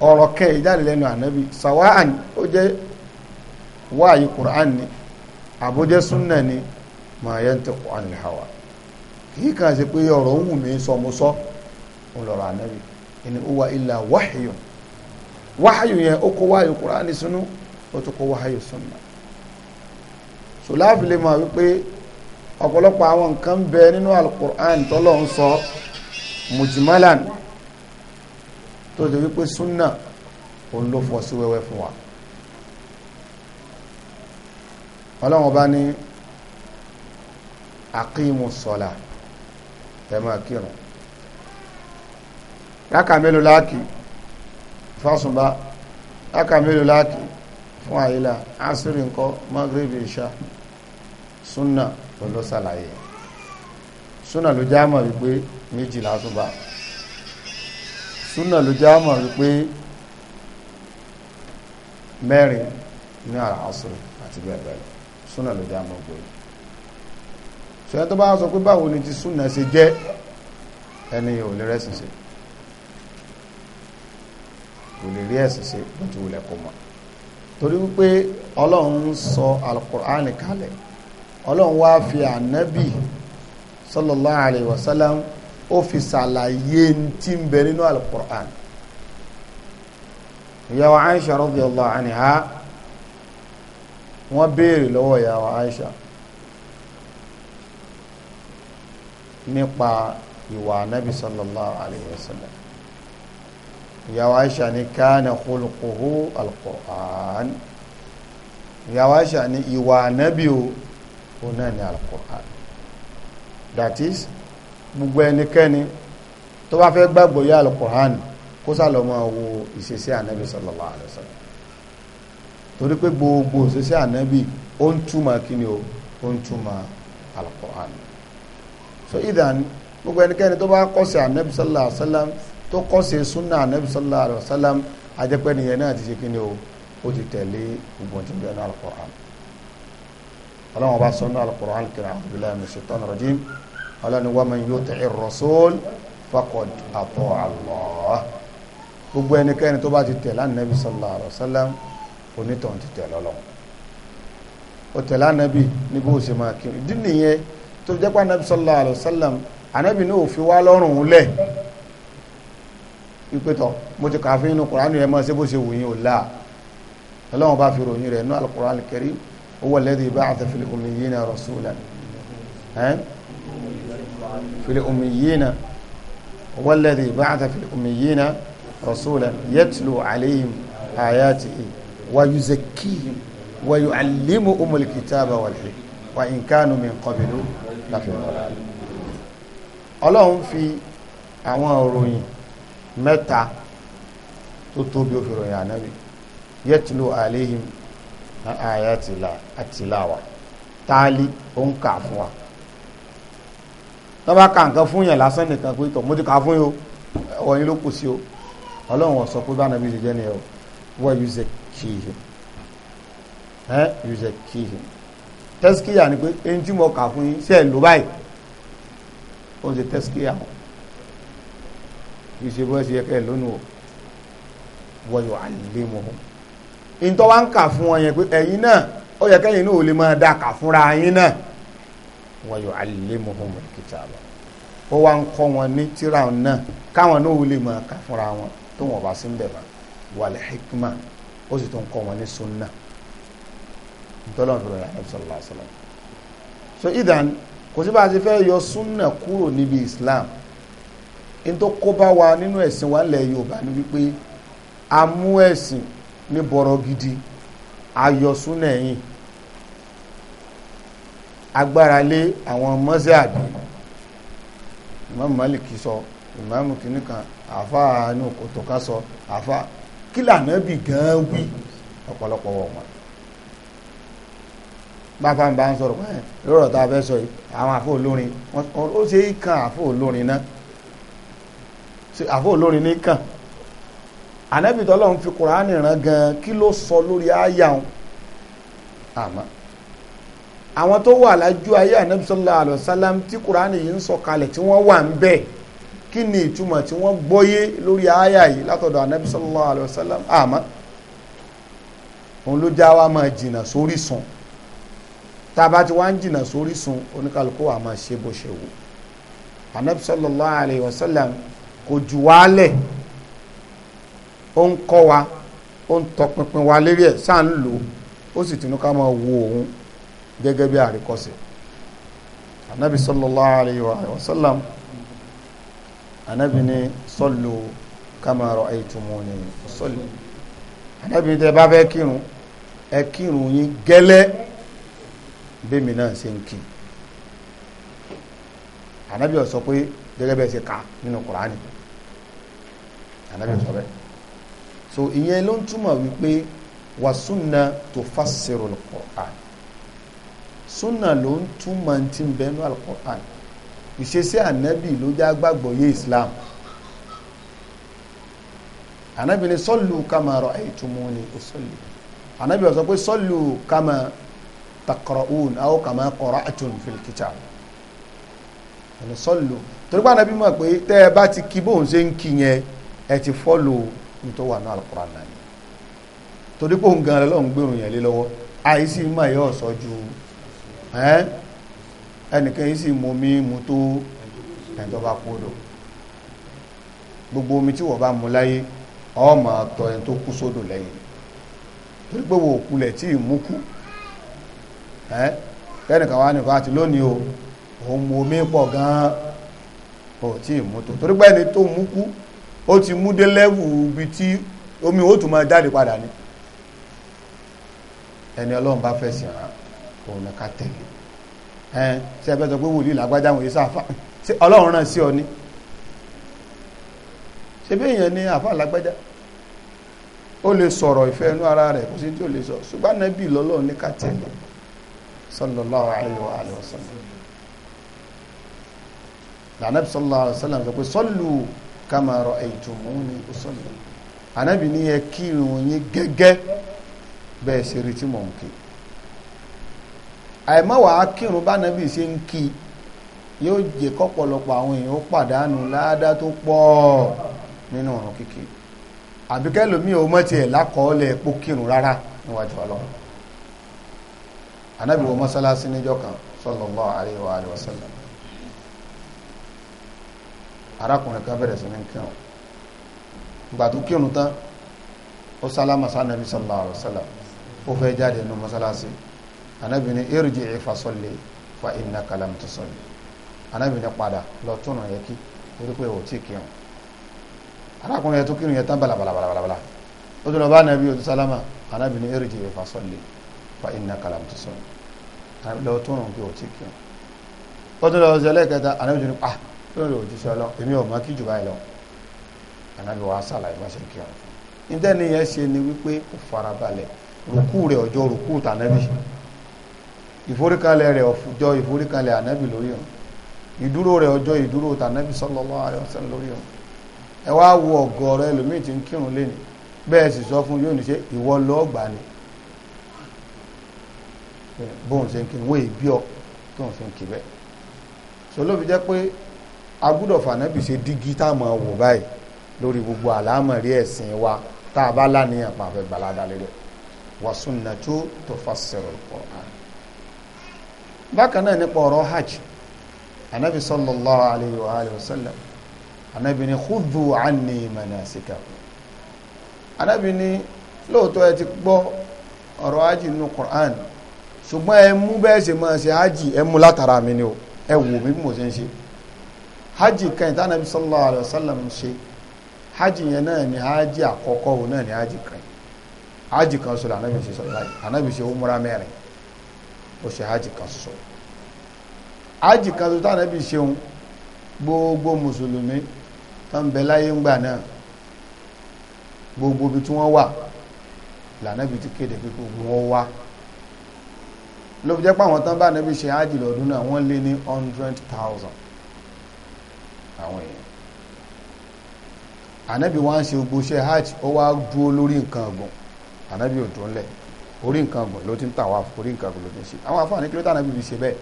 Speaker 1: ọ̀rọ̀ kẹ́ ìjáde lẹ́nu ànábì sawa'an ó jẹ́ wáyé Qur'an ni súnà ni ma yantiqu anil hawa kìí kàn ṣe pé ọ̀rọ̀ ń wù mí sọ mo sọ òun lọ̀rọ̀ ànábì ẹni ó wá ilà wáhìyù wáhìyù yẹn ó kó wáhìyù kúránì sínú ó tún kó wáhìyù sunna so láàbì lè máa wípé ọ̀pọ̀lọpọ̀ àwọn nǹkan bẹ nínú alukur'an tọ́lọ̀ ń sọ mujmalan tó ti wípé sunna òun ló fọ́ sí wẹ́wẹ́ fún wa ọlọ́run ọba ní aqimu sọ̀la ẹ máa kírun rákà mélòó láàkì fásùnbá rákà mélòó láàkì fún àyílà asiri ńkọ́ magrib isha sunna ló ṣàlàyé sunna ló já mọ̀ wípé méjìlá tó bá sunna ló já mọ̀ wípé mẹ́rin ní àlàásùrù àti bẹ́ẹ̀ bẹ́ẹ̀ ló já mọ̀ gbòòrò sọ́yẹ́ tó bá sọ pé báwo ni ti súnà ṣe jẹ́ ẹni ò lè rẹ́sìn ṣe kò lè rí ẹ̀sìn ṣe bó ti wulẹ̀ kó mọ̀ torí wípé ọlọ́run sọ alukur'an kalẹ̀ ọlọ́run wá fi ànábì sallallahu alayhi wa ó fi ṣàlàyé tí ń bẹ nínú alukur'an ìyàwó Aisha radiyallahu anha wọ́n béèrè lọ́wọ́ ìyàwó Aisha nípa ìwà anábì sallallahu alayhi wa sallam ìyàwó aisha ní kana khuluquhu alquran ìyàwó aisha ní ìwà anábì o òun náà ní alquran that is gbogbo ẹnikẹ́ni tó bá fẹ́ gbàgbọ́ yá alquran kó sálọ máa wo ìṣesí ànábì sallallahu alayhi wa sallam torí pé gbogbo ìṣesí ànábì ó ń túmọ̀ kí ni o ó ń túmọ̀ alquran so idan gbogbo ẹnikẹ́ni tó bá kọ́sẹ̀ anabi sallallahu alayhi wa sallam tó kọ́sẹ̀ sunna anabi sallallahu alayhi wa sallam ajẹ́pẹ́ nìyẹn náà ti ṣe kí ni o ó ti tẹ̀lé gbogbo ohun tí ń bẹ ní al-Qur'an ọlọ́run ọba sọ ní al-Qur'an al-Karim a'udhu billahi minash shaitanir rajim ọlọ́run wa man yuti'ir rasul faqad ata'a Allah gbogbo ẹnikẹ́ni tó bá ti tẹ̀lé anabi sallallahu alayhi tó jẹ́ pé anabi sallallahu alayhi wa sallam anabi ní òfin wa lọ́rùn lẹ̀ ìpètọ̀ mo ti kàáfin inú kùránì rẹ̀ máa ṣe bó ṣe wù yín ò láà ọlọ́run bá fi ròyìn rẹ̀ ní al-Qur'an al-Karim huwa alladhi ba'atha fil ummiyina rasulan fil ummiyina huwa alladhi ba'atha fil ummiyina rasulan yatlu alayhim ayatihi wa yuzakkihim wa yu'allimuhumul kitaba wal hikma wa in kanu min qablu ọlọ́run fi àwọn òròyìn mẹ́ta tó tóbi ó fi ròyìn ànábì yẹtìlú àléhìm àyàtìlá táálí ó ń kà fún wa tọ́ ka nǹkan fún yẹn lásán nìkan pé tọ̀ mo ti kà fún yìí o yín ló kù sí o ọlọ́run ó pé bá ànábì ṣe jẹ́ nìyẹn o wọ́n yuzẹ̀ kíhìn ẹ́ yuzẹ̀ kíhìn tẹ́síkìyà ni pé ẹni tí mo kà fún yín ṣe é lò báyìí ó ń ṣe tẹ́síkìyà wọn kì í ṣe bó ṣe yẹ kẹ́ ẹ lónìí o wọ́yọ̀ àlémọ̀ ìtọ́ wa ń kà fún wọn yẹn pé ẹ̀yin náà ó yẹ kẹ́yìn náà ò lè máa dá kà fúnra yín náà wọ́yọ̀ àlémọ̀ kitaba ó wá ń kọ́ wọn ní tíra náà káwọn náà ò lè máa kà fúnra wọn tó wọn bá sí ń bẹ̀ bá wal hikma ó sì tún kọ́ wọn ní sunna tọ́lọ́ fi rọra ẹ̀fọ́ sọ̀rọ̀ àṣọlá so idan kò sí bá a ti fẹ́ yọ súnà kúrò níbi Islam n tó kó bá wa nínú ẹ̀sìn wa lẹ̀ Yorùbá ni wípé a mú ẹ̀sìn ní bọ̀rọ̀ gidi a yọ súnà ẹ̀yìn agbára lé àwọn mọ́síàbí Imam Maliki sọ Imam kìnnìkan àfa àánú kòtòkásọ àfa kílànà bì gan wí ọ̀pọ̀lọpọ̀ wọ̀ wọ́n bàbá ń bá ń sọ̀rọ̀ ẹ̀ lọ́rọ̀ tá a fẹ́ sọ yìí àwọn àfọ olórin ó ṣe é kan àfọ olórin náà àfọ olórin ní kàn ànábì tọ́lọ́run fi kùránì rán gan kí ló sọ lórí àyà wọn àmọ́ àwọn tó wà lájú ayé ànábì sallallahu alaihi wasallam tí kùránì yìí ń sọ kalẹ̀ tí wọ́n wà ń bẹ̀ kí ni ìtumọ̀ tí wọ́n gbọ́yé lórí àyà yìí látọ̀dọ̀ ànábì sallallahu alaihi wasallam àmọ́ òun ló já wa máa jìnnà sórí sùn. So tá a bá ti wá ń jìnnà sórí sun oníkàlùkù wa máa ṣe bó ṣe wù anabi sallallahu alayhi wa sallam kò jù wá lẹ̀ ó ń kọ́ wa ó ń tọpinpin wa lérí ẹ̀ sáà ń lò ó sì tún ká máa wo òun gẹ́gẹ́ bí àríkọ́sẹ̀ anabi sallallahu alayhi wa sallam anabi ni sallu kama ra'aytumuni sallu anabi ni tẹ́ bá fẹ́ kírun ẹ kírun yín gẹ́lẹ́ bẹ́ẹ̀mi náà ṣe ń kí ànábì ó sọ pé gẹ́gẹ́ bẹ́ẹ̀ ṣe kà nínú kùránì ànábì ó bẹ́ẹ̀ so ìyẹn ló ń túmọ̀ wípé wà súnà tó fásirò lùkùránì súnà ló ń túmọ̀ tí ń bẹnu àlùkùránì ìṣesí ànábì ló já gbàgbọ́ yé islam anabi ni sọ́lù kama ra'aytumuni usalli ànábì ó sọ pé sọ́lù kama takra'un aw kama qara'atun fil kitab ẹni sọ́lù torí pàdé bí mọ̀ pé tẹ́ ẹ bá ti kí bóun ṣe ń kí yẹn ẹ ti fọ́lù nítorí wà náà Al-Qur'an náà ni torí pé òun gan-an lọ́n gbèrò yẹn lé lọ́wọ́ àìsí mọ̀ yóò sọ ju ẹnìkan yìí sì mú mi mú tó ẹ̀dọ́ba kúrò gbogbo omi tí wọ́n bá mú láyé ọmọ àtọ̀ ẹni tó kú sódò lẹ́yìn torí pé wò ó kulẹ̀ tí ì mú kú ẹ́ tẹ́nìkan wá àti lónìí o òun omi pọ̀ gan-an ò tí mú tó torí ẹni tó mú kú ti mú dé lẹ́wù tí omi ó tún máa jáde padà ni ẹni ọlọ́run bá fẹ́ sìn rán òun tẹ̀lé ẹ ẹ fẹ́ sọ pé wòlíì sáfà ọlọ́run sí ọ ni ṣe bí èèyàn ní àfà ó lè sọ̀rọ̀ ìfẹ́ inú sọ ṣùgbọ́n lọ́lọ́run ní ká tẹ̀lé. sallallahu alayhi wa alayhi wa sallam lànàbí sallallahu alayhi wa sallam sọ pé sọ́lù kama ra'aytumuni usalli ànábì ní ẹ kírun yín gẹ́gẹ́ bẹ́ẹ̀ ṣe rí tí mò ń kí àìmọ́wàá kírun bá ànábì ṣe ń kí yóò jẹ́ kọ́pọ̀lọpọ̀ àwọn èèyàn ó pàdánù láàdá tó pọ̀ nínú ọ̀ràn kíkí àbíkẹ́ lómi ò mọ́ tiẹ̀ lákọọ́lẹ̀ pó kírun rárá níwájú ọlọ́run anábì wọ mọ́sálásí níjọ́ kan sallallahu alaihi wa alihi wa sallam arákùnrin kan bẹ̀rẹ̀ sí ní kírun ìgbà tó kírun tán ó sálámà sánàbí sallallahu alaihi wa sallam ó fẹ́ jáde nínú mọ́sálásí anábì ní irji'i fa salli fa innaka lam tusalli anábì ní padà lọ túnú yẹ kí torí pé ò tí kírun arákùnrin yẹn tó kírun yẹn tán balabalabalabalabala ó tún lọ bá anábì ó tún sálámà anábì ní irji'i fa salli fa innaka lam tusalli tàbí lọ tó rùn pé ò tí kí ó tún lọ sí ẹlẹ́kẹta anábì ní ah lórí òjíṣẹ́ ọlọ èmi ò mọ kí jù báyìí lọ anábì wa sàlàyé bá ṣe kí ọ ìdẹ́ni yẹn ṣe ni wípé kò farabalẹ̀ rùkú rẹ̀ ọjọ́ rùkú tànábì ìforíkalẹ̀ rẹ̀ ọjọ́ ìforíkalẹ̀ ànábì lórí ọ̀ ìdúró rẹ̀ ọjọ́ ìdúró tànábì sallallahu alaihi wasallam lórí ọ̀ ẹ wá wo ọ̀gọ̀ọ̀rọ̀ ẹlòmíì tí bóun ṣe ń kí ni wọ́n èbí ọ tóun fi ń kí bẹ́ẹ̀ ṣòló fi jẹ́ pé a gbúdọ̀ fànábì ṣe dígí tá a máa wò báyìí lórí gbogbo àlámọ̀rí ẹ̀sìn wa tá a bá láníyàn pàfẹ́ gbalada lélẹ̀ wa sunnatu tufassiru al-Qur'an bákan náà nípa ọ̀rọ̀ hajj anabi sallallahu alayhi wa alayhi wa sallam anabi ni khudhu anni manasikakum anabi ni lóòótọ́ ẹ ti gbọ́ ọ̀rọ̀ hajj nínú Qur'an ṣùgbọ́n ẹ mú bẹ́ẹ̀ ṣe máa ṣe hájì ẹ mú látara mi ni o ẹ wò mí bí ṣe ń ṣe hájì kẹyìn tí Ànábì sallallahu alaihi wasallam ṣe hájì yẹn náà ni hájì àkọ́kọ́ òun náà ni hájì kẹyìn hájì kan ṣoṣo Ànábì ṣe sọ̀rọ̀ láyé Ànábì ṣe umura mẹ́rin ó ṣe hájì kan ṣoṣo hájì kan ṣoṣo tí Ànábì ṣeun gbogbo mùsùlùmí tó ń bẹ láyé ńgbà náà gbogbo ibi tí wọ́n wà lànà ibi tí kéde pé gbogbo wọn wá ló fi jẹ́ pé àwọn tán bá nẹ́bí ṣe hajj lọ́dún náà wọ́n lé ní hundred thousand àwọn èèyàn ànábì wá ń ṣe gbogbo ṣe hajj ó wá dúró lórí nǹkan ọ̀gbọ̀n ànábì ò dún lẹ̀ orí nǹkan ọ̀gbọ̀n ló ti ń tà wá orí nǹkan ọ̀gbọ̀n ló ti ń ṣe àwọn afáàní kí ló tànábì fi ṣe bẹ́ẹ̀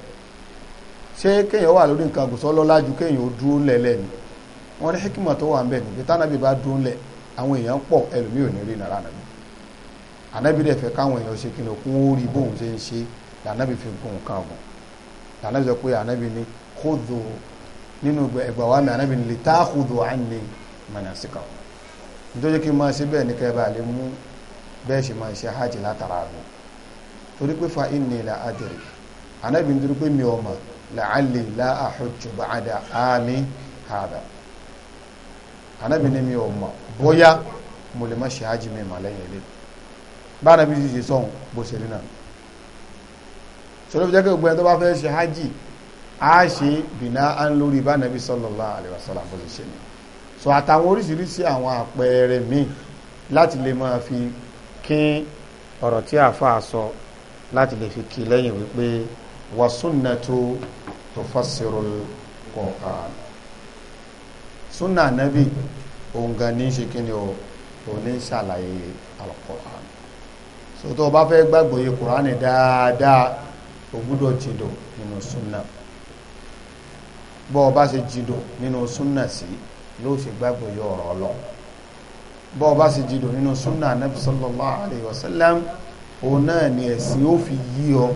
Speaker 1: ṣé kéèyàn wà lórí nǹkan ọ̀gbọ̀n sọ́lọ́lá ju kéèyàn ó dúró lẹ́lẹ́ ni wọ́n ní hikima tó wà ń bẹ̀ ni pé tànábì bá dún lẹ̀ àwọn èèyàn pọ̀ ẹlòmíì ò ní rí nàrà ànábì ànábì dẹ̀ fẹ́ káwọn èèyàn ṣe kí ni òkun ó rí bóun ṣe ń ṣe lànàbì fi gun nǹkan ọ̀gùn lànàbì sọ pé ànàbì ni kódò nínú ẹgbà wa mi ànàbì ni lè tá kódò à ń lè mọ̀nà síkà wọn nítorí kí n máa ṣe bẹ́ẹ̀ ní kẹ́ bá lè mú bẹ́ẹ̀ ṣe máa ṣe hajj látara rẹ̀ torí pé fa ìní la adìrì ànàbì nítorí pé mi ò mọ̀ làálì láàhùjù bàdà àmì hàdà ànàbì ni mi ò mọ̀ bóyá mo lè má ṣe hajj mi mọ̀ lẹ́yìn ilé bá ànàbì ti ṣe sọ́hun bó ṣe rí náà sọ́dọ̀ fi jẹ́ kí gbogbo ẹni tó bá fẹ́ ṣe hajj á ṣe bìnà á ń lórí bá nàbí sallallahu alaihi wasallam bó ṣe ṣe ni so àtàwọn oríṣiríṣi àwọn àpẹẹrẹ míì láti lè máa fi kín ọ̀rọ̀ tí àáfàá sọ láti lè fi kí lẹ́yìn wípé wa sunnatu tufassirul Qur'an súnà nàbí òun gan ní ṣe kí ni o òní ṣàlàyé al-Qur'an so tó o bá fẹ́ gbàgbọ́ yìí Qur'an dáadáa o gbúdọ̀ jìndò nínú súnà bọ́ ọ bá ṣe jìndò nínú súnà sí ló ṣe gbàgbọ́ yọ ọ̀rọ̀ ọlọ́ bọ́ ọ bá ṣe jìndò nínú súnà anabi sallallahu alayhi wa sallam òun náà ni ẹ̀sìn ó fi yí ọ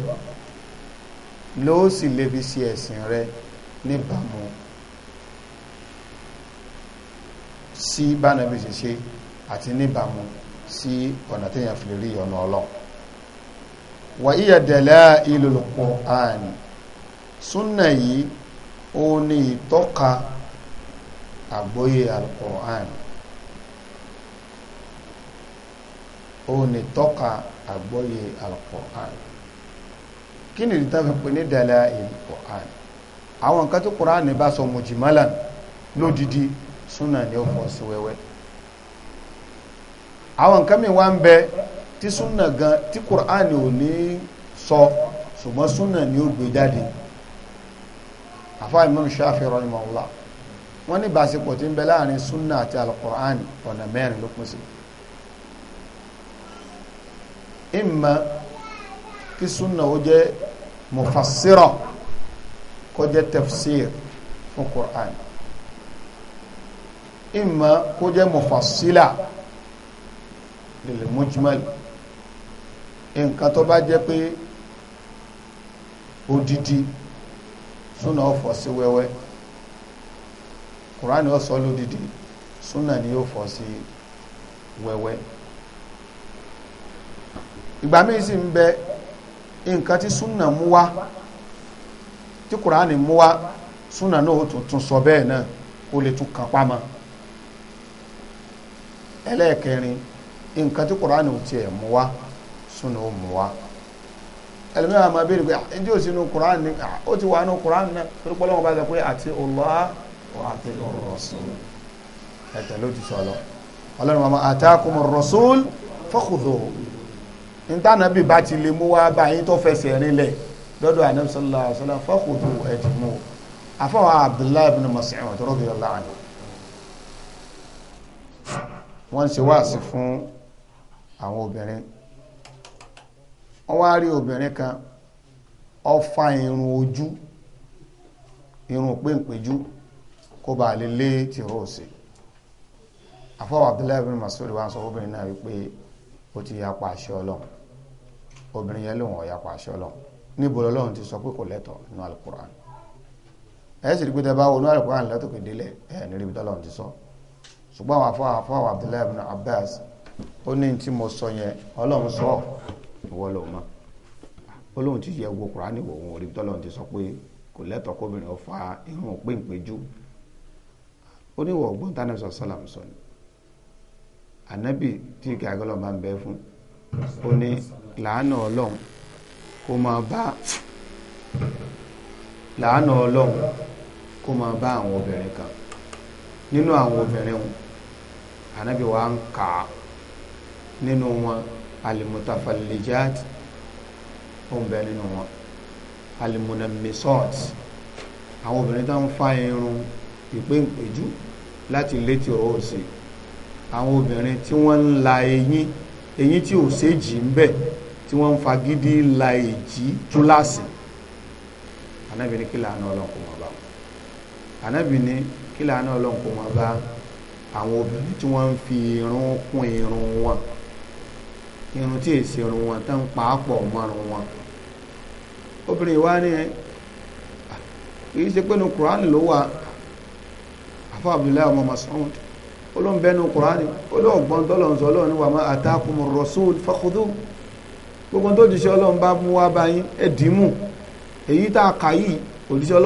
Speaker 1: ló sì lè fi ṣe ẹ̀sìn rẹ níbàámu sí bánàbí ṣe ṣe àti níbàámu sí ọ̀nà téèyàn fi lè rí ọ̀nà ọlọ́run wà íyà dalailul Qur'an súnà yìí ó ní ìtọ́ka àgbóyé al-Qur'an ó ní tọ́ka àgbóyé al-Qur'an kí ni ìtàfi pé ní dalailul Qur'an àwọn nǹkan tí Qur'an bá sọ mujmalan lódìdí súnà ni ó fọ́ sí wẹ́wẹ́ àwọn nǹkan mi wá ń tí súnà gan tí kùránì ò ní sọ ṣùgbọ́n súnà ni ó gbé jáde àfáà Imam Shafi'i rahimahullah wọ́n ní ìbáṣepọ̀ tí ń bẹ láàrin súnà àti alkùránì ọ̀nà mẹ́rin ló pín sí imma kí súnà ó jẹ́ mufassira kó jẹ́ tafsir fún kùránì imma kó jẹ́ mufassila lil mujmal nǹkan tó bá pé odidi súnà ọ̀fọ̀ sí wẹ́wẹ́ kùránì ọsọ lódidi súnà ni yóò fọ̀ sí wẹ́wẹ́ ìgbà míì sì ń bẹ nǹkan tí súnà mú wá tí kùránì mú wá súnà náà ó tún sọ bẹ́ẹ̀ náà ó lè tún kàn súnà ó mú wa ẹlẹ́mìí àwọn máa béèrè pé ǹjẹ́ ò sí inú Qur'an ni ah, ó ti wà nínú Qur'an náà torí pé Ọlọ́run bá sọ pé àti Allah wa àti ar-rasul ẹ̀tẹ̀ ló ti sọ lọ Ọlọ́run wa ma atakum ar-rasul fakhudhuhu nítaànà bí bá ti lè mú wá báyìí tó fẹsẹ̀ rinlẹ̀ lọ́dọ̀ Ànábì sallallahu alaihi wasallam fakhudhuhu ẹ̀dìmú afọwọ́ Abdullahi ibn Mas'ud radiyallahu anhu wọ́n ń ṣe wáàsí fún àwọn obìnrin wọ́n wá rí obìnrin kan ó fá irun ojú irun péńpéjú kó bá lè lé tìró òsè àfọwọ́ Abdullahi bin Mas'ud wa sọ obìnrin náà wípé ó ti yapa àṣẹ Ọlọ́run obìnrin yẹn lòun ò yapa àṣẹ Ọlọ́run níbo lọ́lọ́run ti sọ pé kò lẹ́tọ̀ọ́ nínú alukur'an ẹ̀yẹ́ sì rí pé tẹ́ nínú alukur'an lẹ́tọ̀ọ́ kò délẹ̀ ẹ̀ níbi tọ́lọ́run ti sọ ṣùgbọ́n àwọn afọ́ Abdullahi Abbas ó ní tí mo sọ yẹn Ọlọ́run sọ ọ́ ìwọ lòun mọ́ ó lóun ti yẹ wo kùránì wò òun òrí tọ́lọ́run ti sọ pé kò lẹ́tọ̀ọ́ kóbìnrin ó fa irun òpéǹpéjú ó ní ìwọ ọgbọ́n tánà sọ sọ́làm sọ ni ànábì tí ìkẹ́ agọ́lọ́ máa ń bẹ fún ó ní làánà ọlọ́run kó máa bá làánà ọlọ́run kó máa bá àwọn obìnrin kan nínú àwọn obìnrin wọn ànábì wa ń kà á nínú wọn Alimutafalijat ó ń bẹ nínú wọn alimunamisot àwọn obìnrin tó ń fa irun ìpéǹpéjú láti létí ọ̀rọ̀ òsè àwọn obìnrin tí wọ́n ń la eyín eyín tí ò séjì ń bẹ tí wọ́n ń fa gidi la èjì túláàsì anábì ní kílà náà ọlọ́nkò wọn bá anábì ní kílà náà ọlọ́nkò wọn bá àwọn obìnrin tí wọ́n ń fi irun kún irun wọn irun tí èsì ọ̀rùn wọn tán pàápọ̀ mọ́rùn wọn obìnrin wa ní ah, kìí ṣe pé nu Quran ló wà afọ Abdullahi ọmọ Mas'ud olóńbẹ nu Quran olóògbọ́n tọ́lọ̀nsọ ọlọ́run ní wà má atakum ar-rasul fakhudhu gbogbo tó ti ṣe ọlọ́run bá mú wá báyìí ẹ̀dìmú èyí tá a kà yìí òjíṣẹ́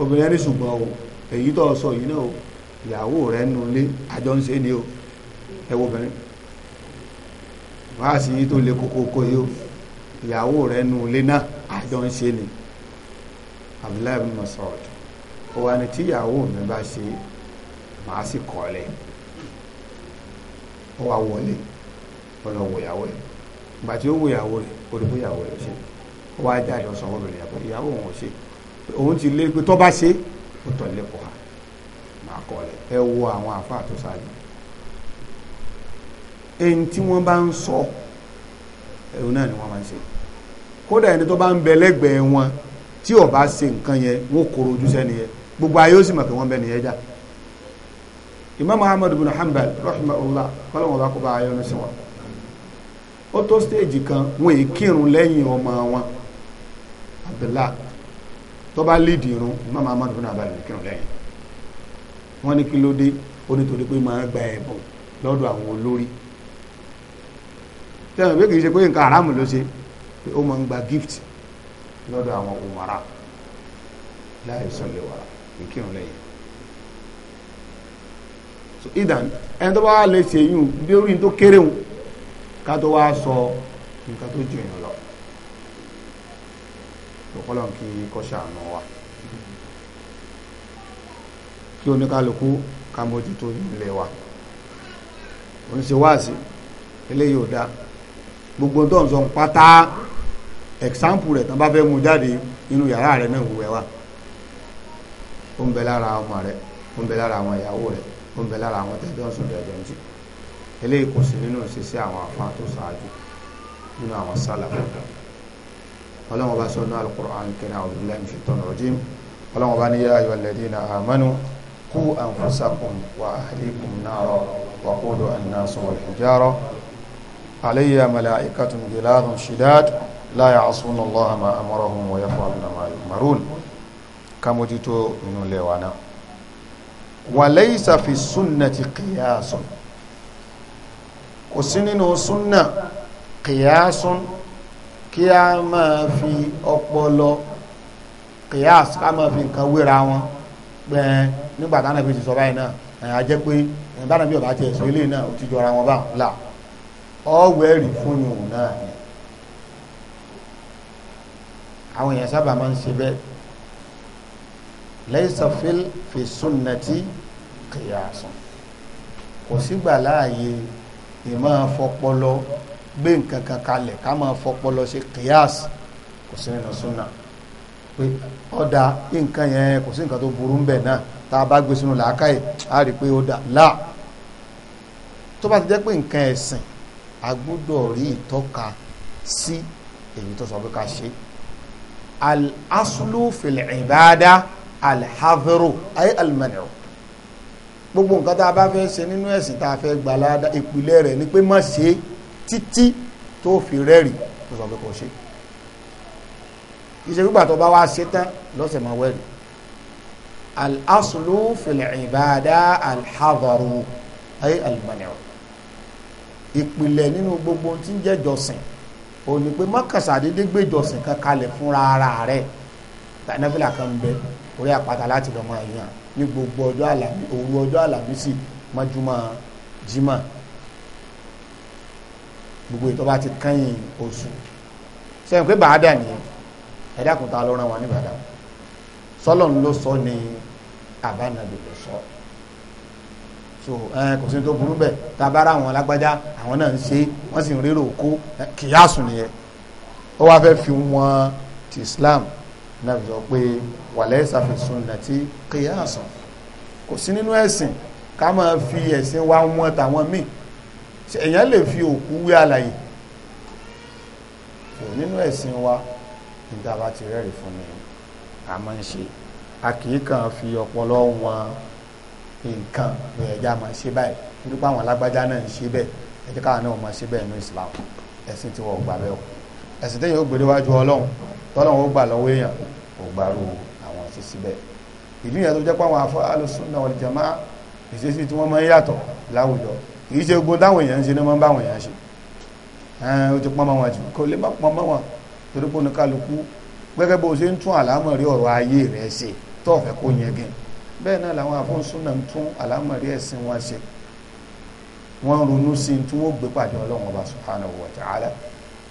Speaker 1: obìnrin yẹn ṣùgbọ́n o èyí tó sọ yìí náà ìyàwó rẹ̀ nù lé àjọ ń ṣe ni o ẹwọ obìnrin wàá sí yìí tó lè kókókó yìí o ìyàwó rẹ̀ nù lé náà àjọ ń ṣe ni Abdullahi bin Mas'ud ó wà ní tí ìyàwó mi bá ṣe màá sì kọ́lẹ̀ ó wà wọlé ọlọ́ wo ìyàwó rẹ̀ ìgbà tí ó wo ìyàwó rẹ̀ ó rí bó ìyàwó rẹ̀ ṣe ó wá jáde ọ̀sán obìnrin yàtọ̀ ìyàwó òun ṣe òun ti lé pé tó bá ṣe é ó tọ̀lé kọ́ máa kọ́ lẹ̀ ẹ wo àwọn àfa tó tí wọ́n bá ń sọ ẹ̀rù náà ni wọ́n máa ń ṣe kódà bá ń bẹ lẹ́gbẹ̀ẹ́ wọn tí ó bá ṣe nǹkan yẹn wọ́n kóró ojú gbogbo ayé ó sì mọ̀ pé wọ́n bẹ nìyẹn já bin hanbal kọ́lọ́wọ́n bá kó bá kan wọn èé kírun lẹ́yìn ọmọ wọn tó bá lè dìrún Imam Ahmad bin Hanbal kírun lẹ́yìn wọ́n ní kí ló dé ó nítorí pé máa gba ẹ̀bùn lọ́dọ̀ àwọn olórí tẹ́lẹ̀ pé kì í ṣe pé nǹkan aráàmù ló ṣe pé ó máa ń gba gift lọ́dọ̀ àwọn òmàrà láì sọ̀lẹ̀wà ìkírun lẹ́yìn so idan ẹni tó bá lè ṣe yún bí orí tó kéré wọn ká tó wá sọ nǹkan tó jù yàn lọ kọ́lọ̀ kí kọ́ ṣàánú wa kí oníkálukú ká mójútó ilé wa oníṣe wáàsí eléyìí ò dáa gbogbo tó ń sọ pátá ẹ̀sáǹpù rẹ̀ tán bá fẹ́ mú jáde inú yàrá rẹ̀ náà wù ẹ́ wa ó ń bẹ lára ọmọ rẹ̀ ó ń bẹ lára àwọn ìyàwó rẹ̀ ó ń bẹ lára àwọn tẹ̀jọ́ sùn tẹ̀jọ́ ń jì eléyìí kò sí nínú ìṣesí àwọn àfáà tó ṣáájú nínú àwọn sálà ọlọ́wọ́n bá sọ ní al-Qur'an al-Karim a'udhu billahi minash shaitanir rajim ọlọ́wọ́n bá ní yá ayyuhal ladhina amanu qu anfusakum wa ahlikum nara wa quduha an-nasu wal hijara alayha mala'ikatun ghiladun shidad la ya'suna Allaha ma amarahum náà wa laysa kò sí nínú súnnà qiyasun kí a máa fi ọpọlọ kìyàs ká máa fi nǹkan wéra wọn gbẹ̀ẹ́ nígbà táwọn ẹbí ti sọ báyìí náà ẹ̀yà jẹ́ pé ìbára bí ọba ti ẹ̀sùn ilé náà ò ti jọra wọn bá là ọ̀wẹ́rì fún yòówù náà ni àwọn èèyàn sábà máa ń ṣe bẹ́ẹ̀ laysa fi sunnati kìyàsùn kò sígbà láàyè ìmọ̀ afọpọlọ gbé nǹkan kan kalẹ̀ ká máa fọpọlọ ṣe kíyàs kò sí nínú súnà pé ọ̀dà nǹkan yẹn kò sí nǹkan tó burú ń bẹ̀ náà tá a bá gbé sínú làákàyè á rí i pé ó dà láà tó bá ti jẹ́ pé nǹkan ẹ̀sìn a gbọ́dọ̀ rí ìtọ́ka sí èyí tó sọ pé ká ṣe al-aslu fil ibada al-hadhru ay al gbogbo nǹkan tá a bá fẹ́ ṣe nínú ẹ̀sìn tá a fẹ́ gbà ìpìlẹ̀ rẹ̀ ni pé má ṣe é títí tó fi rẹ́rìí tó sọ pé kò ṣe ìṣe gbígbà tó bá wá ṣe tán lọ́sẹ̀ máa wẹ̀rì al-aslu fil ibada al-hadaru ay al-mani'u ìpìlẹ̀ nínú gbogbo tí ń jẹ́ jọsìn ò ní pé mọ́kànsádédé gbé jọsìn kan kalẹ̀ fúnra ara rẹ̀ tànàfìlà kan ń bẹ orí àpáta láti lọ́mọ èèyàn ní gbogbo ọjọ́ àlàmí òru ọjọ́ àlàmísì mọ́júmọ́ jímọ̀ gbogbo ètò bá ti kẹ́yìn oṣù sẹ́yìn pé bàádà ni ẹ̀dá kùtà ló ràn wọ́n ní bàdà sọ́lọ́n ló sọ ní àbánadò ló sọ so ẹ kò sí tó burú bẹ́ẹ̀ tá a bá ra àwọn alágbájá àwọn náà ń ṣe wọ́n sì ń rérò kó kìyàsùn nìyẹn ó wá fẹ́ fi wọn ti Islam náà fi sọ pé wàlẹ́ ìsàfihàn nàti kìyàsùn kò sí nínú ẹ̀sìn ká máa fi ẹ̀sìn wa wọn tàwọn míì èyàn lè fi òkú wé àlàyé kò nínú ẹ̀sìn wa ìdába ti rẹ́rìí fún mi a máa ń ṣe a kìí kàn fi ọpọlọ wọn nǹkan ẹ̀já máa ṣe báyìí nípa àwọn alágbájá náà ń ṣe bẹ́ẹ̀ ẹ̀jẹ̀ káwọn náà máa ṣe bẹ́ẹ̀ ní Islam ẹ̀sìn tí wọ́n gbà bẹ́ẹ̀ o ẹ̀sìn tẹ́yìn ó gbèrè wájú Ọlọ́run tọ́lọ́run ó gbà lọ́wọ́ èèyàn kò gbàrú àwọn ṣe síbẹ̀ ìdí ìyẹn tó jẹ́ pé àwọn afọ alùsùn náà wal kì í ṣe gbogbo dáwọn èèyàn ń ṣe ní wọ́n báwọn èèyàn ṣe ẹ̀ẹ́n ó ti pọ́n mọ́ wọn jù kò lè má pọ́n mọ́ wọn torí pé oníkálukú gẹ́gẹ́ bó ṣe ń tún àlámọ̀rí ọ̀rọ̀ ayé rẹ̀ ṣe tó kó yẹn gẹ̀ bẹ́ẹ̀ náà làwọn afọ́nsún náà ń tún àlámọ̀rí ẹ̀sìn wọn ṣe wọ́n ronú sí tí wọ́n gbé pàdé ọlọ́run ọba subhanahu wa ta'ala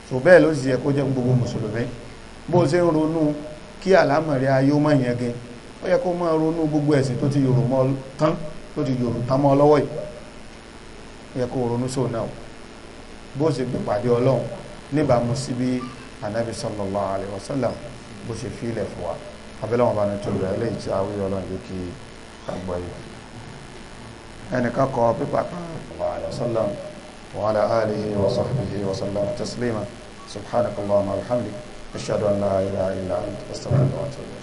Speaker 1: so bẹ́ẹ̀ ló sì yẹ kó jẹ́ gbogbo mùsùlùmí bó ṣe ń ronú kí àlámọ̀rí ayé ó má yẹn gẹ̀ ó yẹ kó máa ronú gbogbo ẹ̀sìn tó ti yòrò mọ́ tán tó ti yòrò tán mọ́ lọ́wọ́ yìí yẹ kó ronú sóò náà bó ṣe gbé pàdé ọlọ́run níbàámu sí bí anabi sallallahu alayhi wa sallam bó ṣe fi ilẹ̀ fún wa abẹ́lẹ́ wọn bá ní tóbi rẹ̀ léyìí tí a wí ọlọ́run yìí kí àgbọ̀ yìí ẹnìkan kọ pípa kan sallam wa